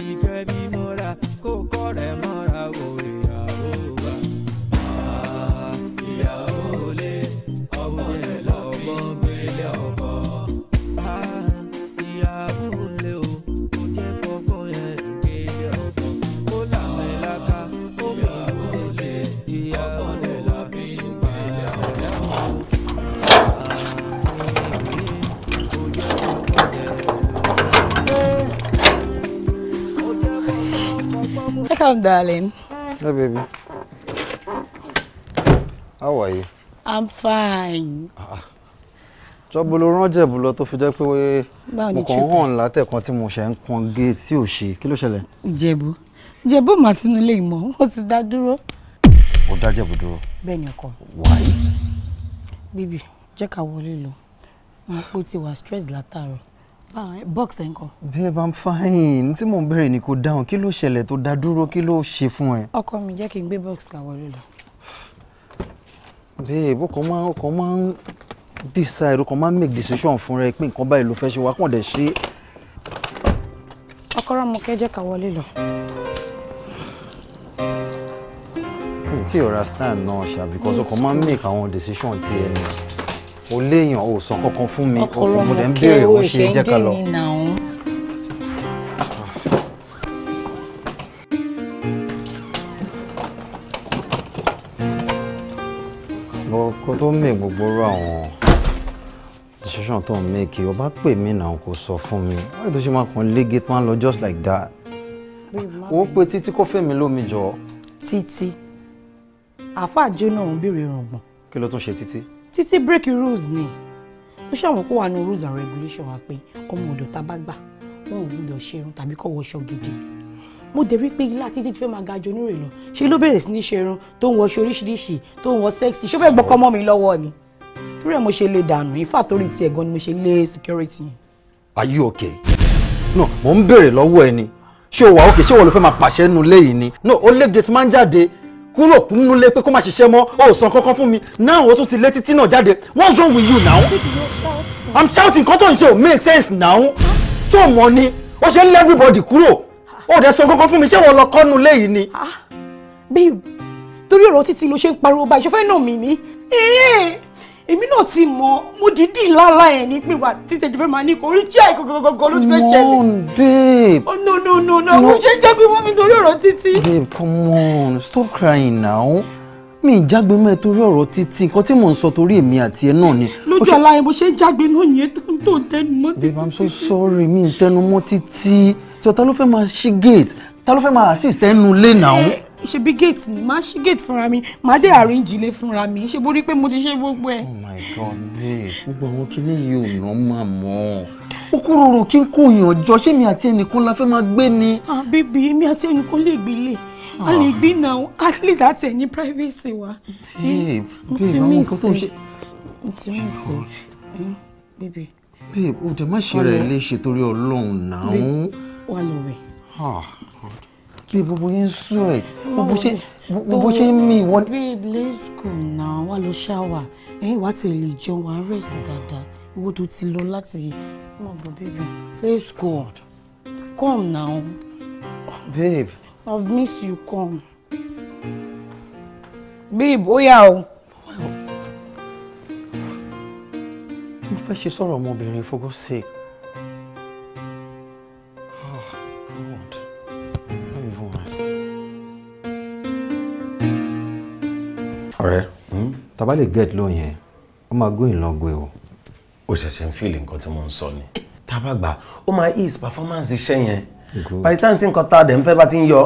[SPEAKER 3] Welcome, darling.
[SPEAKER 4] Hi, baby. How are you?
[SPEAKER 3] I'm fine.
[SPEAKER 4] Jọ́bù ló rán jẹ̀bù lọ tó fi jẹ́ pé mo kàn hàn látẹ̀kan tí mo ṣe ń pọn géètì tí ò ṣe kí ló ṣẹlẹ̀?
[SPEAKER 3] Jẹ̀bù Jẹ̀bù mà sínú ilé ìmọ̀ ó ti dá dúró.
[SPEAKER 4] Ó dá Jẹ̀bù dúró.
[SPEAKER 3] Bẹ́ẹ̀ni ọkọ. Wáyé. stress látàárọ̀ báwọn box ẹ̀ ń kọ.
[SPEAKER 4] babe i'm fine tí mò ń bẹ̀rẹ̀ ni kò dáhùn kí ló ṣẹlẹ̀ tó dá dúró kí ló ṣe fún ẹ.
[SPEAKER 3] ọkọ mi jẹ́ kí n gbé box kà wọlé lọ.
[SPEAKER 4] babe ọkọ máa ọkọ máa ń decide ọkọ máa ń make decision fún rẹ pé nǹkan báyìí ló fẹ́ ṣe wá kàn dẹ̀ ṣe.
[SPEAKER 3] ọkọ Rámọkẹ́ jẹ́ ká wọlé lọ.
[SPEAKER 4] tí ọ̀rá stand náà ṣá because ọkọ máa ń make àwọn decision tiẹ̀ ni o léèyàn o sàn kankan fún mi ọkọ mo dẹ̀ ń béèrè o ṣe jẹ́ ká lọ. mo kó tó mè gbogbo rú àwọn decision tó ń make o bá pè mí náà kò sọ fún mi báyìí tó ṣe máa kàn lé gate man lọ just like that o pe títí kó fẹ́ mi lómi jọ.
[SPEAKER 3] títí àáfàá jóná òun béèrè rọ̀gbọ̀n.
[SPEAKER 4] kí ló tún ṣe títí
[SPEAKER 3] títí break rules ni ó ṣàwọn kó wà ní rules and regulations wa pé ọmọ ọ̀dọ̀ tá a bá gbà wọn ò gbúdọ̀ ṣerun tàbí kọ́ wọṣọ gidi mo dẹ̀ rí pé ilá títí ti fẹ́ máa ga jọ onírè lọ ṣe ló bẹ̀rẹ̀ sí ní ṣerun tó ń wọṣọ oríṣiríṣi tó ń wọ sexy ṣó fẹ́ gbọ́kọ mọ́ mi lọ́wọ́ ni torí ẹ̀ mo ṣe lè dànù ifá torí tiẹ̀ gan ni mo ṣe lé security.
[SPEAKER 4] are you okay? no mo ń béèrè lọ́wọ́ ẹni ṣé o wà okay ṣé wọ́n ló fẹ́ máa pàṣẹ nu léyìí ni no ó lé gate máa ń jáde kúrò nínú pé kó má ṣiṣẹ́ mọ́ ó sàn kankan fún mi now
[SPEAKER 8] ó tún ti lé títí náà jáde what's wrong with you now. i'm shouting nǹkan tó ń ṣe ò make sense
[SPEAKER 3] now tó mọ ni ó ṣe ń lé everybody kúrò ó dẹ̀ sàn kankan fún mi ṣé wọ́n lọ kọ́nu léyìí ni. Ah, babe torí ọ̀rọ̀ títí ló ṣe ń pariwo báyìí ṣọfẹ́ náà mi ni. Eh, eh èmi náà ti mọ mo dídì lálá ẹ ní pé wà títẹ ìdìbò máa ní kò rí jẹ ìgọgọgọgọ ló ti fẹ́ Come
[SPEAKER 4] on, babe. oh no
[SPEAKER 3] no no no mo ṣe
[SPEAKER 4] jágbe mọ́ mi torí ọ̀rọ̀ títí. babe come on stop crying now mi ì jágbe mọ́ ẹ torí ọ̀rọ̀ títí nǹkan tí mò ń sọ torí èmi àti ẹ náà ni. lójú àlá yẹn bó ṣe ń jágbe náà yẹn tó ń tẹnu mọ́ títí. babe i'm so sorry mi ì tẹnu mọ́ títí tí ọ̀tá ló fẹ́ máa ṣí gate ta ló fẹ́ máa assist ẹnu lé náà
[SPEAKER 3] ṣebí gate ni màá ṣí gate fúnra mi màá dé arrange ilé fúnra mi ṣe borí pé mo ti ṣe gbogbo ẹ. oh
[SPEAKER 2] my god babe gbogbo àwọn kinní yìí ò ná mà mọ́
[SPEAKER 3] ó kó rọrùn kí n kó yàn jọ ṣé mi àti ẹnìkan la fẹ́ máa gbé ni. ah mi àti ẹnìkan lè gbé lè a lè gbé ah. náà at least àti ẹ̀yìn privacy wa. babe
[SPEAKER 4] babe àwọn nǹkan tó ń ṣe.
[SPEAKER 3] mo oh
[SPEAKER 4] hmm, o dẹ̀ má ṣe rẹ̀ léṣe torí ọlọ́run náà. wà lọ
[SPEAKER 3] bí gbogbo yín sùn
[SPEAKER 4] ẹ̀ gbogbo ṣe gbogbo ṣe ń mì
[SPEAKER 3] wọ́n. babe let's go now wá lọ ṣáwà ẹ̀yìn wá ti lè jẹun wá rest dáadáa owó tó ti lọ láti mọ̀ babe, baby let's go come now. babe. I've missed you come. babe ó yá o.
[SPEAKER 4] kí ló fẹ́ ṣe sọ̀rọ̀ ọmọbìnrin for God's sake. ọ̀rẹ́ hmm? tàbá lè
[SPEAKER 7] get loan yẹn ó máa go in long way o. o ṣẹ̀ṣẹ̀ ń fìlì nǹkan tí mo ń sọ ni tàbá gbà ó máa ease performance iṣẹ́ yẹn by the time tí nǹkan tá a dẹ̀ ń fẹ́ bá ti ń yọ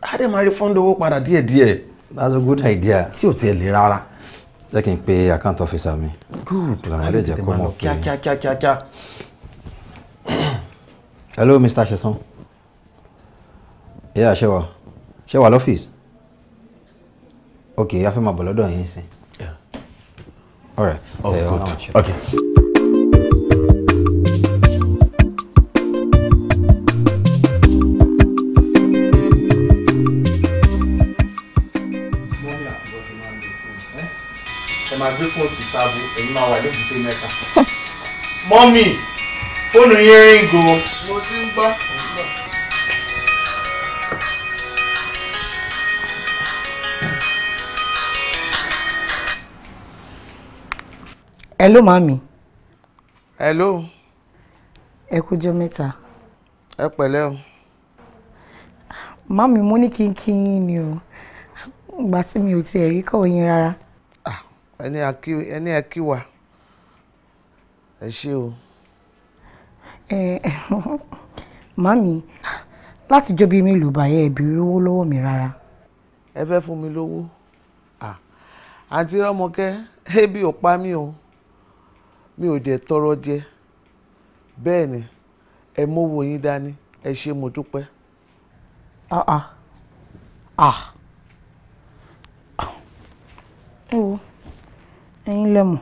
[SPEAKER 7] á
[SPEAKER 4] dẹ̀ máa rí fọ́ńdù owó padà díẹ̀díẹ̀. that's a good idea. tí ò tiẹ̀ lè rárá. jẹ́ kí n pe account officer mi. good làwọn lè jẹ́ kó mọ̀
[SPEAKER 7] pé.
[SPEAKER 4] hello mr sesan. ẹ yà ṣe wà ṣe wà lọ́fíìsì ok a fẹ́ máa bọ̀ lọ́dọ̀ yín sìn. all right oh, uh, good okay.
[SPEAKER 2] máa gbé fóònù sí sáàbù èmi máa wà lóbùté mẹ́ta. mọ́mì fóònù yẹn ń go.
[SPEAKER 3] hello mami. hello. ẹ kújọ́ meta. ẹ pẹ̀lẹ́ o. màmí mo ní kí n ni o gbà tí mi ò tiẹ̀ rí kọ́ yín rárá. Ah,
[SPEAKER 1] ẹni a kí wa ẹ ṣé o.
[SPEAKER 3] màmí láti jọ́ bí mi lù bàyẹ̀ ẹ̀bí rówó lọ́wọ́ mi rárá.
[SPEAKER 1] ẹ fẹ́ fún mi lówó ah, àǹtí rọ́mọkẹ́ ebi ò pa mí o mi ò dẹ̀ tọrọ jẹ bẹ́ẹ̀ ni ẹ mówó yín dání ẹ ṣe mo dúpẹ́.
[SPEAKER 3] ah ah ah ẹ wo ẹ̀yin lẹ́mọ̀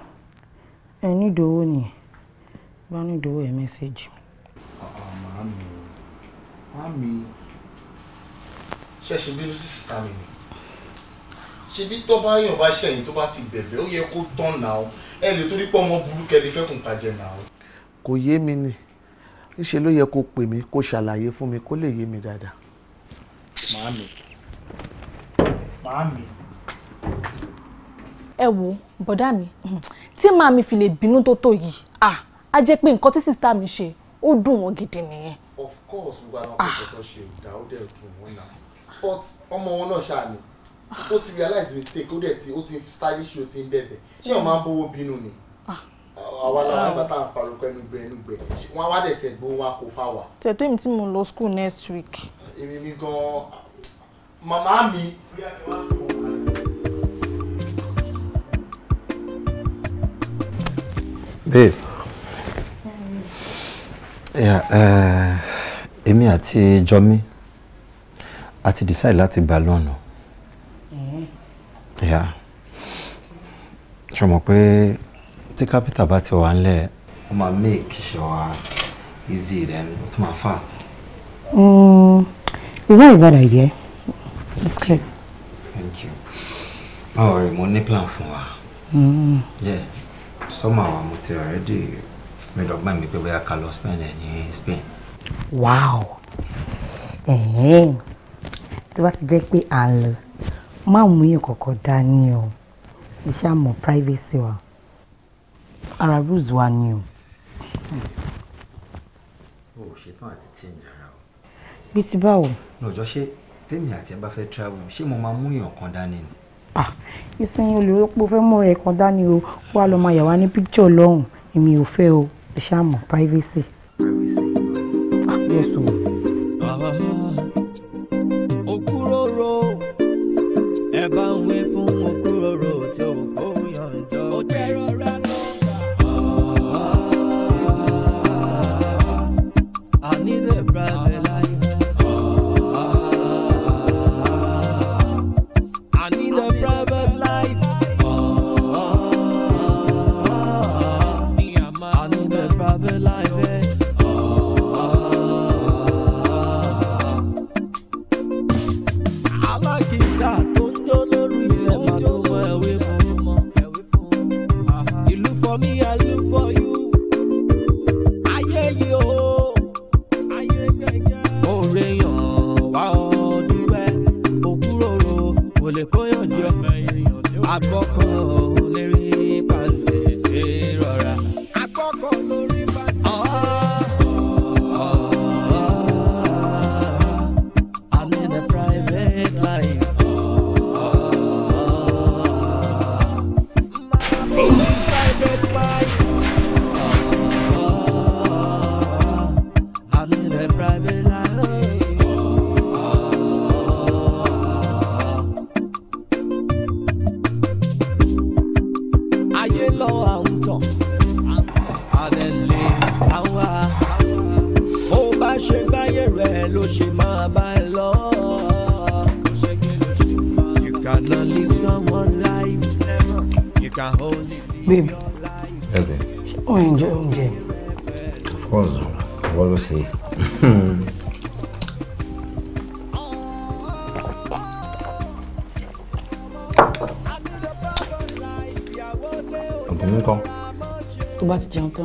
[SPEAKER 3] ẹ ní ìdòwò nìyẹn bá ní ìdòwò ẹ mẹ́sẹ̀gì.
[SPEAKER 2] Ah, màámi màámi ṣẹ̀ṣẹ̀ bínú sí sísá mi ni ṣebí tó bá yàn bá ṣẹ̀yìn tó bá ti bẹ̀bẹ̀ ó yẹ kó tán náà ẹ lè torí pé ọmọ burúkú ẹ lè fẹ́ kó ń pàjẹ́ náà.
[SPEAKER 1] kò yé mi ni ńṣe ló yẹ kó pè mí kó ṣàlàyé fún mi kó lè yé mi dáadáa. màámi
[SPEAKER 2] màámi.
[SPEAKER 9] ẹ wo bọ̀dá mi tí màá mi fi lè bínú tó tó yìí a jẹ́ pé nǹkan tí sísá mi ṣe ó
[SPEAKER 3] dùn wọ́n gidi nìyẹn.
[SPEAKER 2] of course gbogbo àwọn akẹ́kọ̀ọ́ ṣe ìdáwọ́dẹ̀ dùn wọ́n náà but ọmọ wọn náà ṣáà ni ó ti realize mistake ó dẹ̀ ti ó ti stylish ó ti ń bẹ̀bẹ̀ ṣé wọn máa ń bówó bínú ni ah. àwa làwọn ah. àgbàtà àpàlùkọ ẹnu gbẹ ẹnu gbẹ wọn wá dẹ̀ tẹ̀ gbowó wọn kò fà wá.
[SPEAKER 3] tẹ̀tọ́ èmi tí mo lọ school next week.
[SPEAKER 2] èmi mi gan-an màmá mi.
[SPEAKER 4] babe eh, èmi àti jọmí a ti decide láti bá lọ́nà Yeah. ṣe mọ̀ pé tí kápítà bá ti wà ńlẹ̀ ó máa make iṣẹ́ wa easy then ó tún máa fast.
[SPEAKER 3] Mm, it's not a bad idea. It's clear.
[SPEAKER 4] Thank you. Báwo rẹ̀ mo ní plan fún wa? Mm. Yeah, sọ́mà wa mo ti already made up mind mi pé bóyá ká lọ Spain ẹ̀ ní Spain.
[SPEAKER 3] Wow! Ẹ̀hẹ́n tí wọ́n ti jẹ́ pé à ń lọ má mú yẹn kọ̀ọ̀kan dání o iṣẹ́ àmọ́ privacy wa ara rules wa ni o.
[SPEAKER 4] o ò ṣetán àti change ara o. bí ti báwo. lọ́jọ́ ṣé tèmi àti ẹ bá fẹ́ travel ṣé mo máa mú èèyàn kan dání ni.
[SPEAKER 3] ìsinyìí olùrọ́pọ̀ fẹ́ mú rẹ̀ kan dání o wá lọ́ọ́ máa yà wá ní píkítsọ̀ lọ́hùn-ún èmi ò fẹ́ o iṣẹ́ àmọ́ privacy. privacy. ah yes o.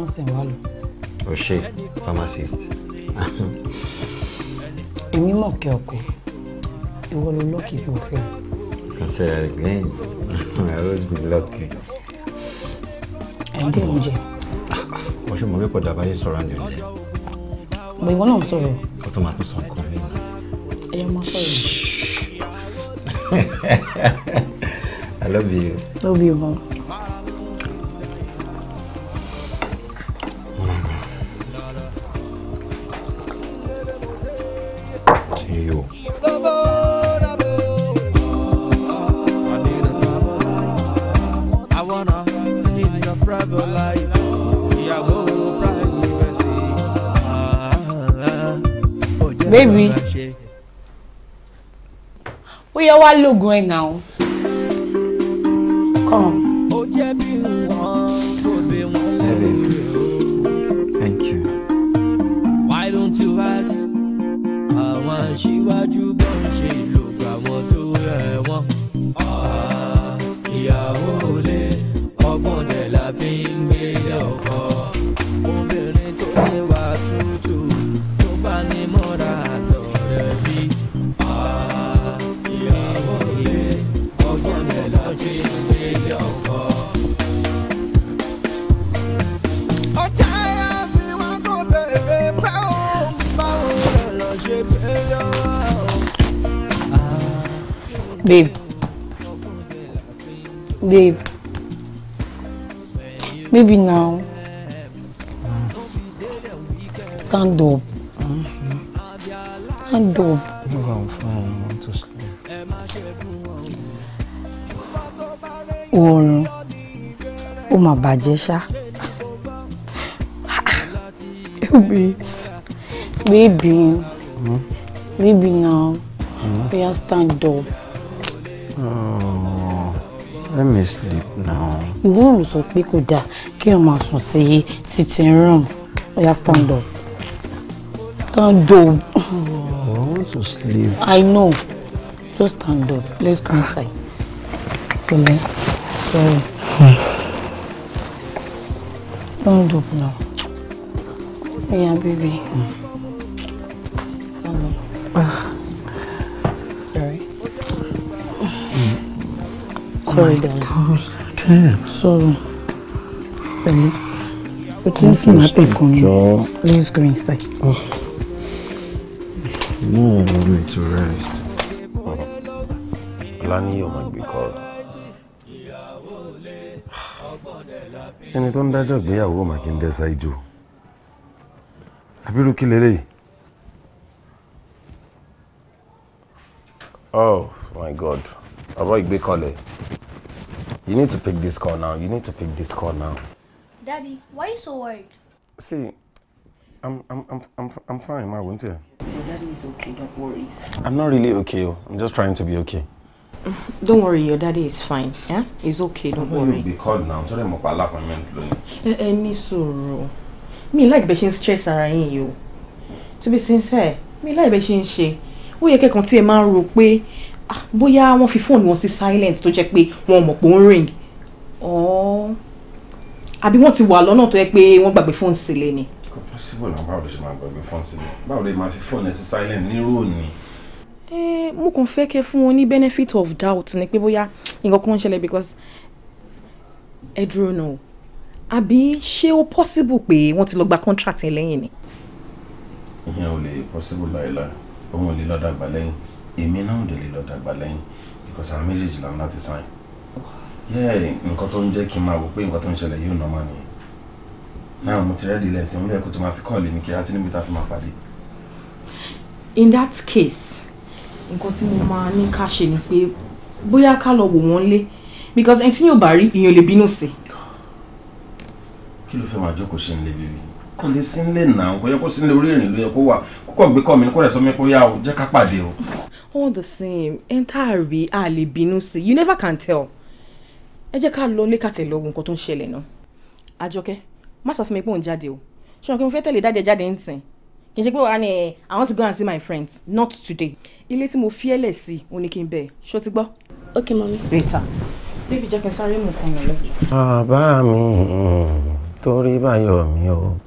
[SPEAKER 3] sìn wá lọ.
[SPEAKER 4] o ṣe pharmacist.
[SPEAKER 3] èmi mọ̀ kẹ́ ọ̀pẹ ìwọ ló
[SPEAKER 4] lọ́ọ̀kì tó fẹ́. consider again i always be lucky. ẹ̀ǹdẹ̀ oúnjẹ. wọ́n ṣe mọ̀ wípé kọ̀dà báyìí sọ̀rọ̀ àǹdí oúnjẹ.
[SPEAKER 3] mo ìwọ náà sọ̀rọ̀.
[SPEAKER 4] o tún máa tún sọ nǹkan mi.
[SPEAKER 3] ẹ yọ máa sọ̀rọ̀.
[SPEAKER 4] I love you.
[SPEAKER 3] Love you, mom. baby ó yẹ wá lóògùn now? jẹ́ ṣá. baby hmm? baby now hmm? we are stand
[SPEAKER 4] up. Oh, let me sleep now.
[SPEAKER 3] ìwọ ò sọ pé kò dáa kí o máa sùn sí sitting room we are stand up stand up.
[SPEAKER 10] Oh, I want to sleep.
[SPEAKER 3] I know. Just stand up. Let's go inside. Pẹ̀lẹ́. Sorry. Stand up now.
[SPEAKER 9] Yeah, baby. Mm.
[SPEAKER 3] Sorry. Mm. Sorry, my darling. God. Damn. Sorry. Belly. Oh, but this is not a Please go inside.
[SPEAKER 4] Oh. No, I want me to rest.
[SPEAKER 7] Alani, you're my big call. ẹni tó ń dájọ́ ìgbéyàwó Mákindé Ṣáíjú abirú kí lélẹ́yìí. Oh my God. Avoid big calling. You need to pick this call now. You need to pick this call now.
[SPEAKER 9] Daddy, why are you so worried? See,
[SPEAKER 7] I'm I'm I'm I'm I'm fine, ma, won't you?
[SPEAKER 9] So daddy is okay, don't worry.
[SPEAKER 7] I'm not really okay. Oh. I'm just trying to be okay.
[SPEAKER 3] Don't worry, your daddy is fine. Yeah? He's okay, don't worry. You'll
[SPEAKER 7] be called now. Tell him about appointment lónìí.
[SPEAKER 3] Ẹ ẹ ní sùúrù. Mi like bẹ́ẹ̀ ṣe ń stress around you. To be sincere, me like bẹ́ẹ̀ ṣe ń ṣe. Ó yẹ kẹ́kọ̀ọ́ tí ẹ máa ń rò pé ah, fi phone wọn sí silent tó check pé wọn mọ̀ pé ó ń ring. Àbí wọ́n ti wà to tó yẹ pé wọ́n gbàgbé fóònù sílé ni. Kò possible náà báwo ló ṣe máa
[SPEAKER 7] gbàgbé fóònù sílé. Báwo lè máa fi fóònù ẹ silent Ni róònù ni?
[SPEAKER 3] Eh, mo kàn fẹ́ kẹ́ fún wọn ní benefit of doubt ni pé bóyá nǹkan kan ń ṣẹlẹ̀ because ẹ dúró náà o àbí ṣé ó possible pé wọ́n ti lọ gba contract yẹn lẹ́yìn ni.
[SPEAKER 7] ìyẹn ò lè possible láìla òun ò lè lọ dàgbà lẹ́yìn èmi náà ò lè lọ dàgbà lẹ́yìn because àwọn méjèèjì làwọn láti sign yẹ nǹkan tó ń jẹ́ kí n máa wò pé nǹkan tó ń ṣẹlẹ̀ yóò normal nìyẹn náà mo ti rẹ́dí lẹ́sìn mo lẹ́kọ̀ọ́ tó máa fi kọ́ọ̀lì ní kí á ti níbi tá a ti máa pàdé.
[SPEAKER 3] in that case nǹkan tí mo máa ní ká ṣe ni pé bóyá ká lọ wò wọ́n lé because ẹni tí yóò bá rí èèyàn lè bínú sí.
[SPEAKER 7] kí ló fẹ́ máa jókòó ṣe ń lé lórí kò lè sí nílé náà kò yẹ kó sí nílé orí ìrìn ló yẹ kó wà kókò gbé kọ́ mi kó rẹ̀ sọ mi kó yá o jẹ́ ká pàdé o.
[SPEAKER 3] all the same ẹ̀ńtàrí a lè bínú sí you never can tell ẹ jẹ́ ká lọ lé kàtẹ́ lọ wo nǹkan tó ń ṣẹlẹ̀ náà àjọkẹ́ má sọ fún mi pé òun jáde o ṣùgbọ́n kí mo fẹ́ tẹ̀lé dáadé jáde ń sìn kì í ṣe pé wàá ní i want to go and see my friends not today ilé tí mo fi ẹ́ lẹ̀ sí òun ni kí n bẹ̀ ṣó ti gbọ́. ok mami. later bíbí jẹ́ kí n sáré mú kan yẹn lọ́jọ́.
[SPEAKER 7] bàbá mi torí báyọ̀ mi o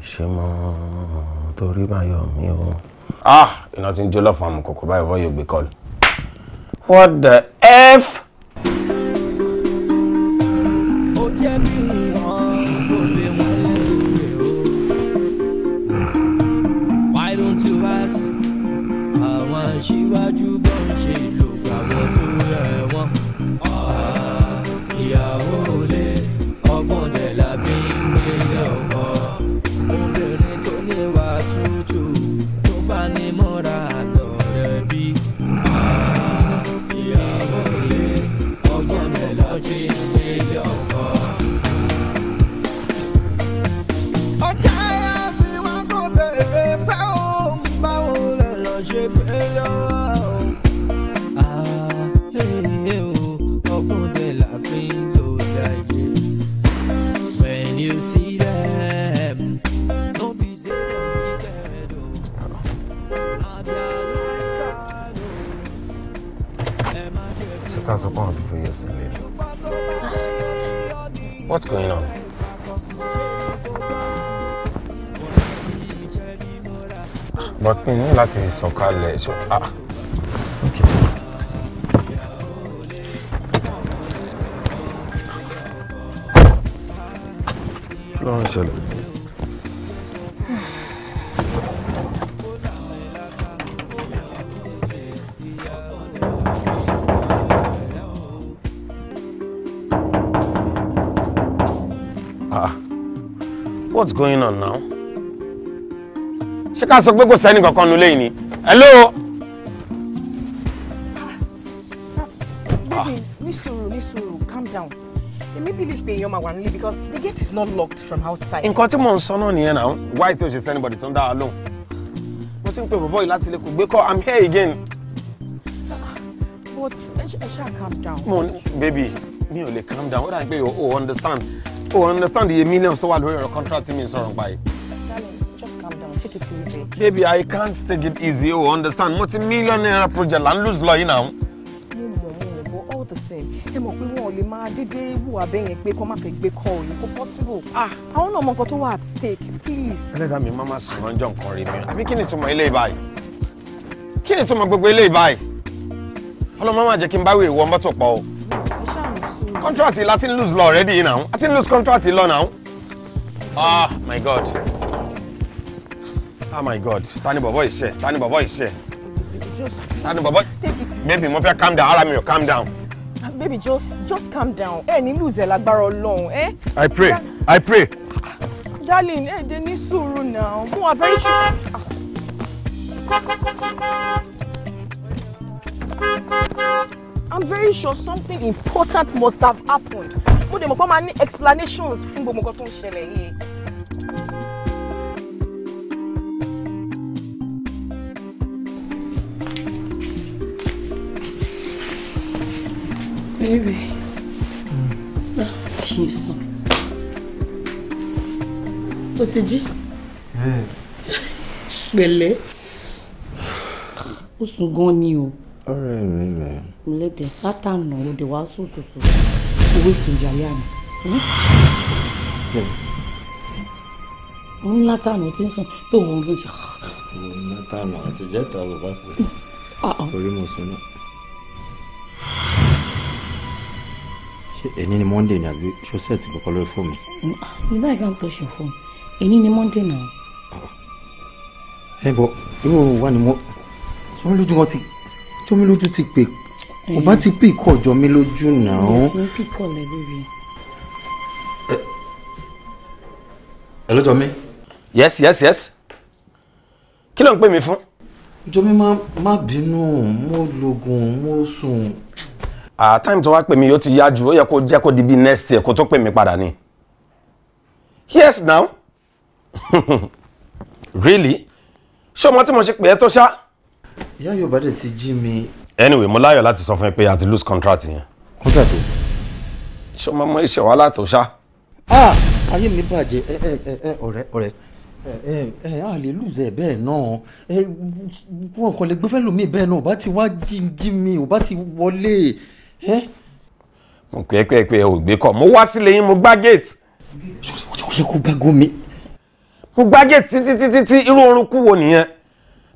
[SPEAKER 7] ṣe mọ́ torí báyọ̀ mi o. ah iná ti ń jó lọ́fọ̀ọ́ àmọ́ kòkó báyọ̀ báyọ̀ gbé kọ́lù. what the f.
[SPEAKER 10] ó jẹ́ mi. Shiva, bá.
[SPEAKER 7] Come on, please, baby. What's going on? But mi ní láti sọ̀kalẹ̀ ṣọ. Ah, Kí ló ń ṣẹlẹ̀? what's going on now? ṣé ká sọ pé kò sẹ́ni kankan nulẹ̀ yìí ni hello.
[SPEAKER 3] ní sùúrù ní calm down èmi believe pé èèyàn máa because the gate is not locked from outside. nǹkan tí
[SPEAKER 7] mò ń sọ náà nìyẹn náà why tí o ṣe sẹ́ni bọ̀dì tó ń dá wa lóhùn mo ti ń pe bọ̀bọ̀ yìí láti ilé kò gbé kọ́ i'm here again.
[SPEAKER 3] but ẹ ṣáà calm down. mo baby mi
[SPEAKER 7] ò lè calm down ó dàbí pé o understand Oh, understand iye millions tó wà lórí ọ̀rọ̀ contract mi sọ̀rọ̀ nípa yìí.
[SPEAKER 3] darling just calm down take it easy.
[SPEAKER 7] baby i can't take it easy oh, understand multi millionaire project land n lose lọ yìí náà. mo
[SPEAKER 3] mọ̀ but all the same Hey, mọ̀ pé wọn ò lè máa dédé wù abẹ́yẹn pé kó má fẹ́ gbé kọ́ possible. Ah, I want no more. wà at stake please. Let me máa ma
[SPEAKER 7] sùn lọ́jọ́ nǹkan rí mi àbí kí ni ìtumọ̀ ilé ìbáyìí kí ni ìtumọ̀ gbogbo ilé ìbáyìí ọlọ́mọ máa jẹ́ kí n bá wí ìwọ contract la ti lose law already now a lose contract law now ah oh, my god ah oh, my god Tani ni bọ̀bọ̀ iṣẹ́ ta ni bọ̀bọ̀ iṣẹ́ ta ni baby mo fẹ́ calm down ara mi ò calm down.
[SPEAKER 3] baby just just calm down ẹ ní lose ẹ lágbára Ọlọ́run ẹ. i pray i pray. darling ẹ dé ní sùúrù náà mo wà fẹ́ ṣe. Thank you i'm very sure something important must have happened mo dẹ̀ mọ̀ pé explanations Baby. Mm. Ah, Jesus. Ó ti jí? Eh. Pẹ̀lẹ́. Ó sùn gan ni
[SPEAKER 4] ọ̀rẹ́ mi rẹ̀.
[SPEAKER 3] ìlédè sátánù òde wàásù tuntun owó ìsìnjà yá mi. òun látànù tí ń sùn tó òun ló yà.
[SPEAKER 4] òun látànù àti jẹ́ta ló bá pè é torí ah, ah. mo sùn náà. ṣé èyí ni monday ni àbí ṣọ́sẹ̀ ti kọ́kọ́ lórí fóònù mi.
[SPEAKER 3] Ah, you know I can't touch your phone èyí ni monday now.
[SPEAKER 4] ẹ bọ irú wa ni mo wọn lójú wọn ti jọmílójú ti pè kò bá ti pè kọ jọmílójú náà. mi pè kọ ẹ ló jọ mí.
[SPEAKER 8] yes yes yes kí ló ń pè mí fún. jọmí má má bínú mo lògùn mo sùn.
[SPEAKER 7] à time tó wá pè mí yóò ti yá ju ó yẹ kó jẹ́ kó di bíi next year kó tó pè mí padà ni. yes now really ṣé ọmọ tí mo ṣe pè é tó ṣá ìyá yorùbá dẹ̀ ti jí mi. anyway mo láyọ̀ láti sọ fún ẹ pé a ti lose contract yẹn. contract o. ṣé ọmọ ọmọ iṣẹ́ wàhálà tó ṣá.
[SPEAKER 4] Ah, ayé mi bàjẹ́ ọ̀rẹ́ ọ̀rẹ́ a lè lose ẹ bẹ́ẹ̀ náà wọn kàn lè gbé fẹ́ lómi bẹ́ẹ̀
[SPEAKER 8] náà ò bá ti wá jí jí mi ò bá ti wọlé.
[SPEAKER 7] mo pè é pé pé ò gbé kọ mo wá sílé yín mo gbá gate. ó yẹ kó gbá mo gbá gate títí títí irú orun kú wo nìyẹn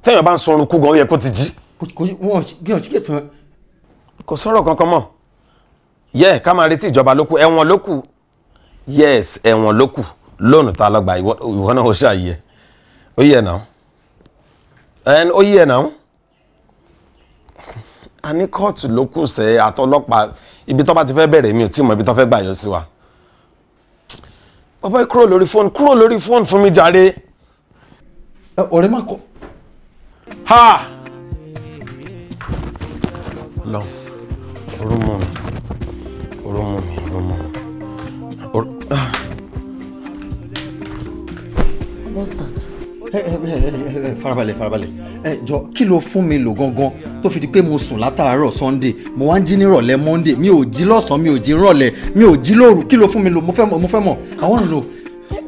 [SPEAKER 7] téèyàn bá ń sọrun kú gan ó yẹ kó ti jí. kò sọ̀rọ̀ kankan mọ́ yẹ ká máa retí ìjọba lókù ẹ̀wọ̀n lókù yes ẹ̀wọ̀n lókù lónìí tá a lọ́gbà ìwọ náà ó ṣàyẹ ó yẹ náà ẹn ó yẹ náà a ní kóòtù ló kù sẹ àtọlọ́pàá ibi tó bá ti fẹ́ bẹ̀rẹ̀ mi ò tí mọ ibi tó fẹ́ gbà yọ sí wa bàbá kúrò lórí fóònù kúrò lórí fóònù fún mi jàre.
[SPEAKER 8] ọ̀rẹ́ máa kọ́ ha
[SPEAKER 7] lọ oró mú mi oró mú mi
[SPEAKER 4] oró mi oró. what's that farabalẹ̀ farabalẹ̀ ẹ jọ kí ló fún mi lò gangan tó fi di pé mo sùn látàárọ̀ sunday mo wá ń jí nírọ̀lẹ́ monday mi ò jí lọ́sàn-án mi ò jí nírọ̀lẹ́
[SPEAKER 8] mi ò jí lóru kí ló fún mi lò mo fẹ́ mọ̀ mo fẹ́ mọ̀ àwọn ọ̀nà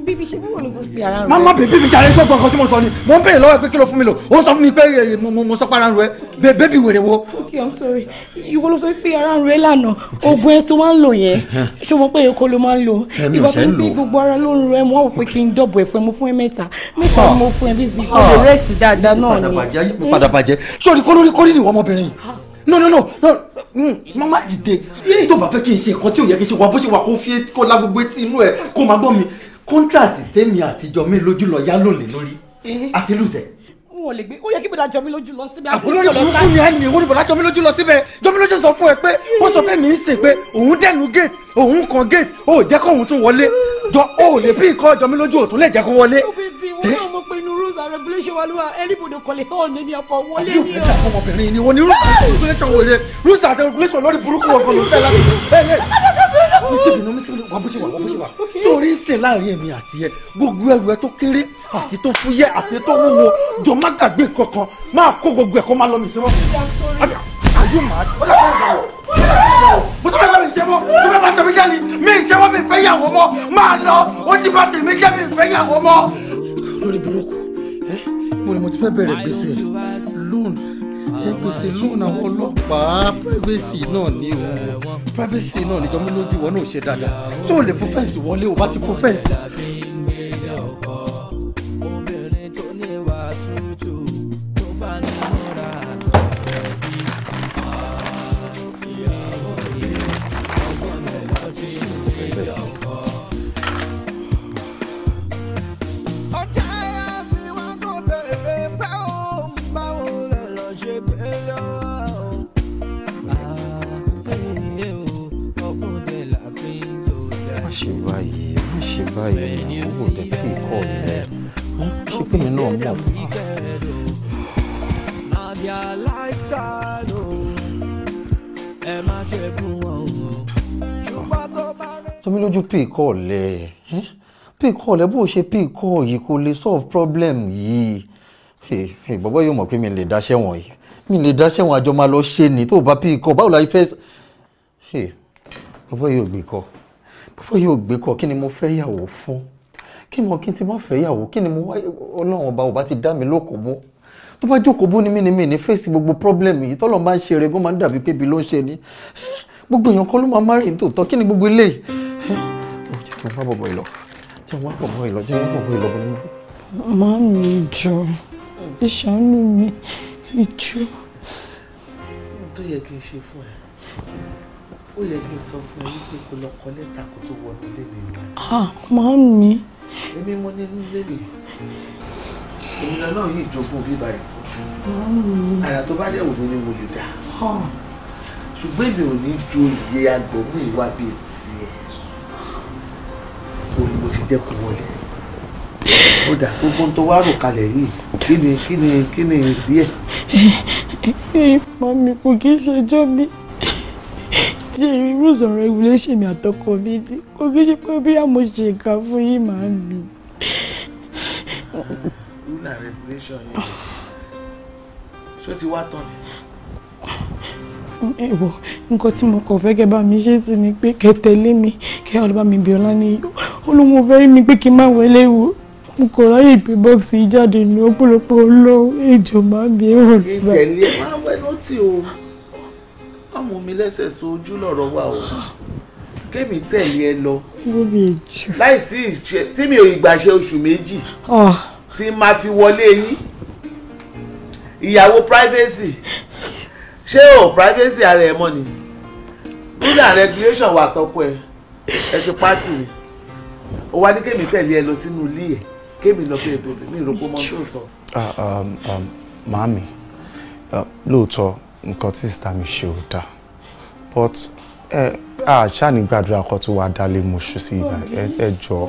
[SPEAKER 3] bíbí bèbí mi
[SPEAKER 8] jàre sọ gbọ̀ngàn tí mo sọ ni mo ń béèrè lọ́wọ́ pé kí ló fún mi lò ó sọ fún mi pé eh, mo sọ para rẹ bébí wèrè wo.
[SPEAKER 3] ok i'm sorry ìwọ ló sọ pé ara rẹ lànà oògùn ẹ tó máa ń lò yẹn ṣé mo pé èkó ló máa ń lò. ìwọ tó ń bí gbogbo ara ló ń ro ẹ mo wọ́n pé kí n dọ̀bọ̀ ẹ̀fọ́ mo fún ẹ mẹ́ta mẹ́ta mo fún ẹ bíbí kò lè rest dáadáa náà ni. padà bàjẹ́ sórí hmm? kólórí
[SPEAKER 8] kórìí ni wọ́n ọmọbìnrin no no no no mama dìde tó bá fẹ́ kí n ṣe nǹkan tí ò yẹ kí n ṣe wà bó ṣe wà kó fi kó lágbègbè tí inú ẹ kó máa gbọ́ mi kọ́ńtrátì tèmi àtijọ́ mi lójú lọ yá lónìí lórí àti lùsẹ̀.
[SPEAKER 3] n ò lè gbé ó yẹ kí bọ̀dá jọ mi lójú lọ síbẹ̀ àti lùsẹ̀ lọ sáà. àbúrò ìlú ni
[SPEAKER 8] a ní ìwọ́n bọ̀dá jọ mi lójú lọ síbẹ̀ jọ mi lójú sọ fún ẹ pé wọ́n sọ fẹ́ mi ń sìn pé òun dẹ̀nu gate òun kan gate ó jẹ́ kóun tún wọlé jọ ó lè bí nǹkan jọ mi lójú òtún lè jẹ́ kó wọlé
[SPEAKER 3] ṣe wà lúwa ẹnibodè kọlẹ hàn ní ní ọkọ wọlé ní o. àbí òfin sàkó ọmọbìnrin
[SPEAKER 8] ni wọn ni rúùsì àti regulation wèrè rúùsì àti regulation lórí burúkú ọkàn ló fẹ́ láti. mi ti bínú mi wà bó wà wà wà torí ń sìn láàrin èmi àti ẹ gbogbo ẹrù ẹ tó kéré àti tó fúyẹ́ àti tó wúwo jọ má gbàgbé kankan máa kó gbogbo ẹ kó má lọ mi síbọ. àyù màá ti bá tẹ̀mí lórí burúkú mo ni mo ti fẹ́ bẹ̀rẹ̀ gbèsè loan gbèsè loan àwọn ọlọ́pàá privacy náà ni o privacy náà níjọ mú lójú wọn náà ṣe dáadáa ṣé o lè fún fẹ́ǹsì wọlé o bá ti fún fẹ́ǹsì. obìnrin tó ní ìwà tútù tó bá
[SPEAKER 4] píkọ́ lẹ̀ píkọ́ lẹ̀ bó ṣe píkọ́ yìí kò lè solve problem yìí eh, eh, bàbá yóò mọ̀ pé mi lè dáṣẹ́ wọn yìí mi lè dáṣẹ́ wọn àjọ máa lọ ṣe ni tó bá píkọ́ báwo la fẹ́ eh, bàbá yóò gbé kọ́ bàbá yóò gbé kọ́ kí ni mo fẹ́ yàwó fún
[SPEAKER 2] kí ni mo kí ti má
[SPEAKER 4] fẹ́ yàwó kí ni mo wá ọlọ́run ọba ò bá ti dá mi lóko bó tó bá jókòó bó ní mímí ní fèsì gbogbo problem yìí tọ́lọ́ máa ń ṣe rẹ̀ máa ń dàbí pé ló ń ṣe ni gbogbo èèyàn kọ́ ló máa má rìn tòótọ́ kí ni gbogbo eléyìí jẹ́ wá bọ̀bọ̀ ìlọ jẹ́ wá bọ̀bọ̀ ìlọ jẹ́ wá bọ̀bọ̀ ìlọ bọ̀bọ̀.
[SPEAKER 3] Màámi ìjọ ìṣàánú mi ìjọ.
[SPEAKER 1] Ohun tó yẹ kí n ṣe fún ẹ, ó yẹ kí n sọ fún ẹ wípé kó lọ kọ lẹ́tà kó tó wọnú lébi
[SPEAKER 3] wa. Màámi.
[SPEAKER 1] Èmi mo ní inú lébi. Ìrìnà náà yìí jogún bíbá ẹ̀
[SPEAKER 3] fún. Àrà tó
[SPEAKER 1] bá dẹ̀ wò mí ni mo lè dà. Ṣùgbọ́n èmi ò ní ju iye agbọ̀nrín ìwà bíi ti òun ni mo ṣe jẹ́ kó wọlé ó dà gbogbo tó wá rò kalẹ̀ yìí kí ni kí ni kí ni ìdí ẹ̀.
[SPEAKER 3] ìfọ̀ mi kò kí ń ṣẹjọ́ mi ṣe rules and regulations mi àtọkọ mi tí kò kí ń ṣe pé bí àmọ́ ṣe nǹkan fún yín máa ń mi.
[SPEAKER 1] rules and regulations yẹn ṣó ti wá tán ni
[SPEAKER 3] ẹ̀wọ̀ nǹkan tí mo kàn fẹ́ kẹ́ bá mi ṣe ti ni pé kẹ́ tẹ̀lé mi kẹ́ ọlọ́ba mi Bíọ́lá ní olóhùn ọ̀fẹ́ rí mi pé kí n má wọlé wo mo kò ráyè pé bọ́ọ̀sì jáde ní ọ̀pọ̀lọpọ̀ olówó èjò máa bí ẹ wọ̀ nígbà. ìtẹ̀lé
[SPEAKER 1] máa ń wẹ́nu tí o ọmọ mi lẹ́sẹ̀ so ojú lọ́rọ̀ wa o kémi tẹ̀lé ẹ lọ láì tí tí mi ò ìgbàṣe oṣù méjì ah. tí máa fi wọlé yín ìyàwó privacy ṣé o privacy ara ẹ mọ́ ni rúdà regulation wà tọkọ ẹ ẹ ti pátì ni ó wá ní kémi tẹ̀lé ẹ lọ sínú ilé ẹ̀ kémi lọ bẹ́ẹ̀ bẹ́ẹ̀ mi rò pé mo tó sọ.
[SPEAKER 2] Ah, um, um, màámi uh, lóòótọ́ nǹkan tí sista mi ṣe ò dáa but àṣà ní gbàdúrà kan tó wàá dálé mọṣú sí ibà ẹ jọ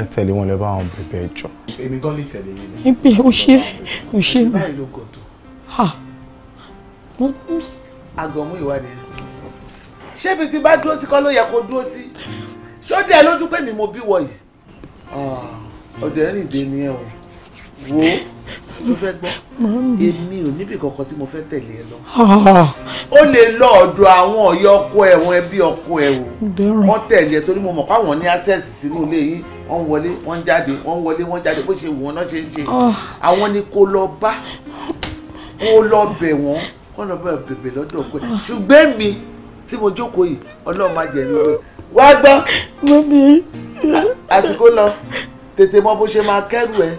[SPEAKER 2] ẹ tẹ̀lé wọn lọ bá àwọn bèbè ẹ jọ. èmi gan lè tẹ̀lé yín.
[SPEAKER 3] ibi ò ṣe o ṣe mi. báyìí ló gòtò.
[SPEAKER 1] àgọ̀mú ìwádìí. ṣé ibi tí bá dúró sí kọ́ ló yẹ kó dúró sí ṣọ́dẹ̀ lójú pé mi mo bí wọ yìí ah, ọ̀dẹ̀ rìndé ni ẹ o wo tó fẹ́ gbọ́ èmi ò níbi kankan tí mo fẹ́ tẹ̀lé ẹ lọ ah. ó lè lọ ọ̀dọ̀ àwọn ọ̀yọ́ ọkọ ẹ̀ wọn ẹbí ọkọ ẹ̀
[SPEAKER 7] o wọ́n
[SPEAKER 1] tẹ̀lé torí mo mọ̀ káwọn ní access sínú ilé yìí wọ́n ń wọlé wọ́n ń jáde wọ́n ń wọlé wọ́n ń jáde bó ṣe wù wọ́n náà ṣe ń ṣe ah. àwọn ni kó lọ bá kó lọ bẹ̀ wọ́n kó lọ bẹ̀ bèbè lọ́dọ̀ ọkọ ẹ̀ ṣùgbọ́n mi tí mo jókòó yìí ọlọ́run má jẹ́ lórí wá
[SPEAKER 3] gbọ́
[SPEAKER 1] àsìkò lọ tètè mọ bó ṣe máa kẹ́rù ẹ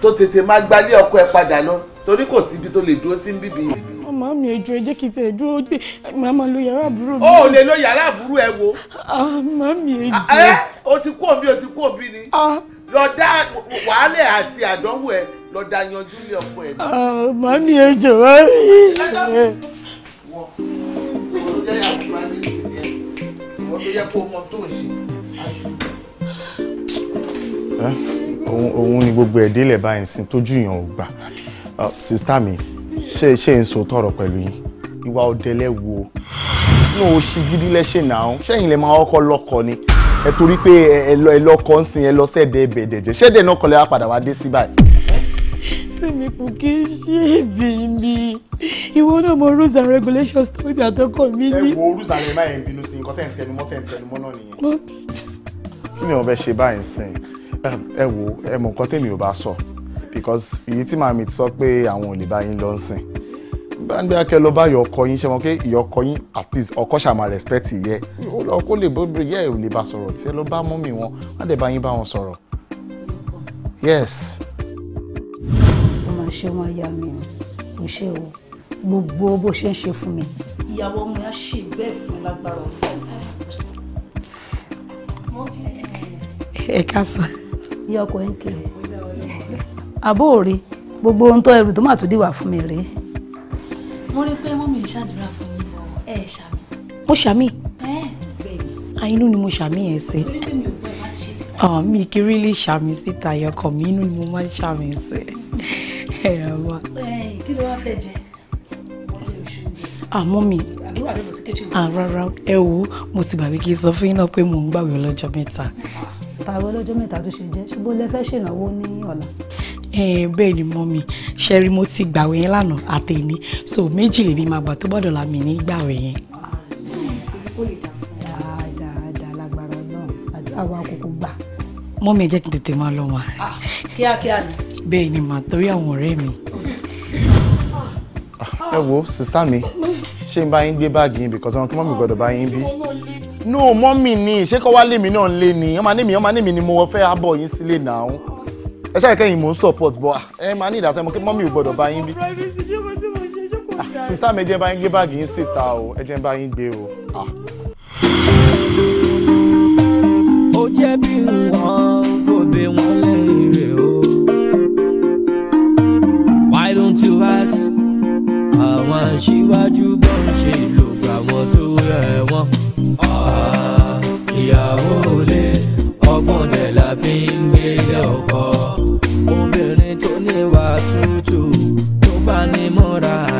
[SPEAKER 1] tó tètè máa gbálé ọkọ ẹ padà lọ torí kò síbi tó lè dúró sí bíbí.
[SPEAKER 3] màmá mi ẹjọ ẹ jẹ́ kí n tẹ dúró gbé màmá lo yàrá àbúrò mi. o ò lè lo yàrá
[SPEAKER 1] àbúrò ẹ wo. Ah, màmá mi ẹjọ. ẹ ah, eh, o ti kú òbí o ti kú òbí ni. Ah. lọ dá wàhálẹ̀ àti àdánwò ẹ lọ dá yanjú ní ọkọ ẹ. màmá mi ẹjọ wá rí ìwọ tó yẹ kó mọ tó ń ṣe
[SPEAKER 2] aṣọ. òun ni gbogbo ẹ̀ délẹ̀ báyìí sin tójú yàn ò gbà sista mi ṣe ṣe ń so tọrọ pẹ̀lú yín ìwà ọ̀dẹ̀lẹ̀ wo inú oṣù gidi lẹ́ṣẹ̀ náà ṣẹ́yìn lè máa kọ́kọ́ lọ́kọ ni ẹ torí pé ẹ lọ́kọ ń sin ẹ lọ sẹ́ẹ̀dẹ̀ ẹ̀bẹ̀ẹ̀dẹ̀ jẹ́ ṣẹ́ẹ̀dẹ̀ náà kọ́lẹ́ wá padà wá dé sí báyìí.
[SPEAKER 3] Fẹ́mi kò kí n ṣe èbè mi. Ìwọ náà
[SPEAKER 1] mọ
[SPEAKER 2] rules and regulations tó ibi àtọkọ mi ní. Ẹ wo rules and regulations máa yẹn bínú sí nǹkan tẹ̀ ń tẹnumọ́ tẹ̀ ń tẹnumọ́ náà nìyẹn. Kí ni wọ́n fẹ́ ṣe báyìí sìn? Ehm, ẹ wo ẹ mọ nǹkan tèmi ò bá sọ because èyí tí màmí ti sọ pé àwọn ò lè bá yín lọ sìn. Gbàgbé akẹ́ lọ bá yọ ọkọ yín ṣe mọ pé ìyọ ọkọ yín at least ọkọ ṣàmà respect yẹ. Ó lọ kó lè bó yẹ ò lè bá sọ̀rọ̀ tí lọ bá mọ́mì wọn, wọ́n dẹ̀ bá yín bá wọn sọ̀rọ̀. Yes
[SPEAKER 6] máa ṣe wọn aya mi o kò ṣe o gbogbo bó ṣe ń ṣe fún mi. ìyàwó ọmọ yẹn ṣe bẹ́ẹ̀ fún lágbára ọ̀fẹ́. ẹ káàsán. ìyá ọkọ ẹ ń kiri. àbó òre gbogbo ohun tó ẹrù tó máa tó dìwà fún mi rèé.
[SPEAKER 9] mo rí i pé mọ́mí ń ṣàdúrà fún yín bọ̀ ẹ ṣàmì.
[SPEAKER 6] mo ṣàmì. àìnú ni
[SPEAKER 3] mo ṣàmì ẹ̀ sí. mi kiri lè ṣàmì síta ẹ̀yọkàn mi inú ni mo máa ń ṣàmì sí ẹ wá.
[SPEAKER 6] kí ló wá fẹ́ jẹ
[SPEAKER 3] àmọ́ mi àràrà ẹ wo mo ti gbàgbé kí n sọ fún yín náà pé mò ń gbàwé ọlọ́jọ́ mẹ́ta.
[SPEAKER 6] tàwọn ọlọ́jọ́ mẹ́ta tó ṣe jẹ́ ṣùgbọ́n lẹ fẹ́ ṣèlọ́wọ́ ní ọ̀la.
[SPEAKER 3] bẹ́ẹ̀ ni mọ́ mi ṣẹ́rí mo ti gbàwé yẹn lánàá àtẹ̀mí so méjì lè ní máa gbà tó gbọ́dọ̀ làmì ní gbàwé yẹn.
[SPEAKER 6] dáadáa lágbára náà àwa kò kò gbà.
[SPEAKER 3] mọ́ mi ẹ jẹ́ kí n tètè máa lọ wọn.
[SPEAKER 6] Ah, kíákíá ni
[SPEAKER 3] bẹ́ẹ̀ ni mà torí àwọn ọ̀rẹ́ mi.
[SPEAKER 2] ẹ wo sista mi ṣé n bá yín gbé báàgì yín because àwọn kí mọ́mì gbọ́dọ̀ bá yín bí.
[SPEAKER 3] no mọ́mì ni
[SPEAKER 2] ṣé kọ́ wá lèmi náà lé ni ọmọ anẹ́mi ọmọ anẹ́mi ni mo fẹ́ abọ̀ yín sílé náà ẹ ṣáà kẹ́yìn mò ń support bọ́ ẹ máa ní ìdásẹ́ mo kí mọ́mì ò gbọ́dọ̀ bá yín bí. Ah, sista mi ẹ jẹ́ bá yín gbé báàgì yín síta o ẹ bá yín gbé o. Ah.
[SPEAKER 10] ó jẹ́ bí wọ́n kò bí wọ́n lè o why don't you ask? àwọn aṣíwájú bọ́ ń ṣe lò àwọn tó rẹ̀ wọ́n. Ah, ìyàwó olè ọgbọ́n dẹ̀ la fi ń gbélé ọkọ. obìnrin tó níwà tútù tó fani mọ́ra.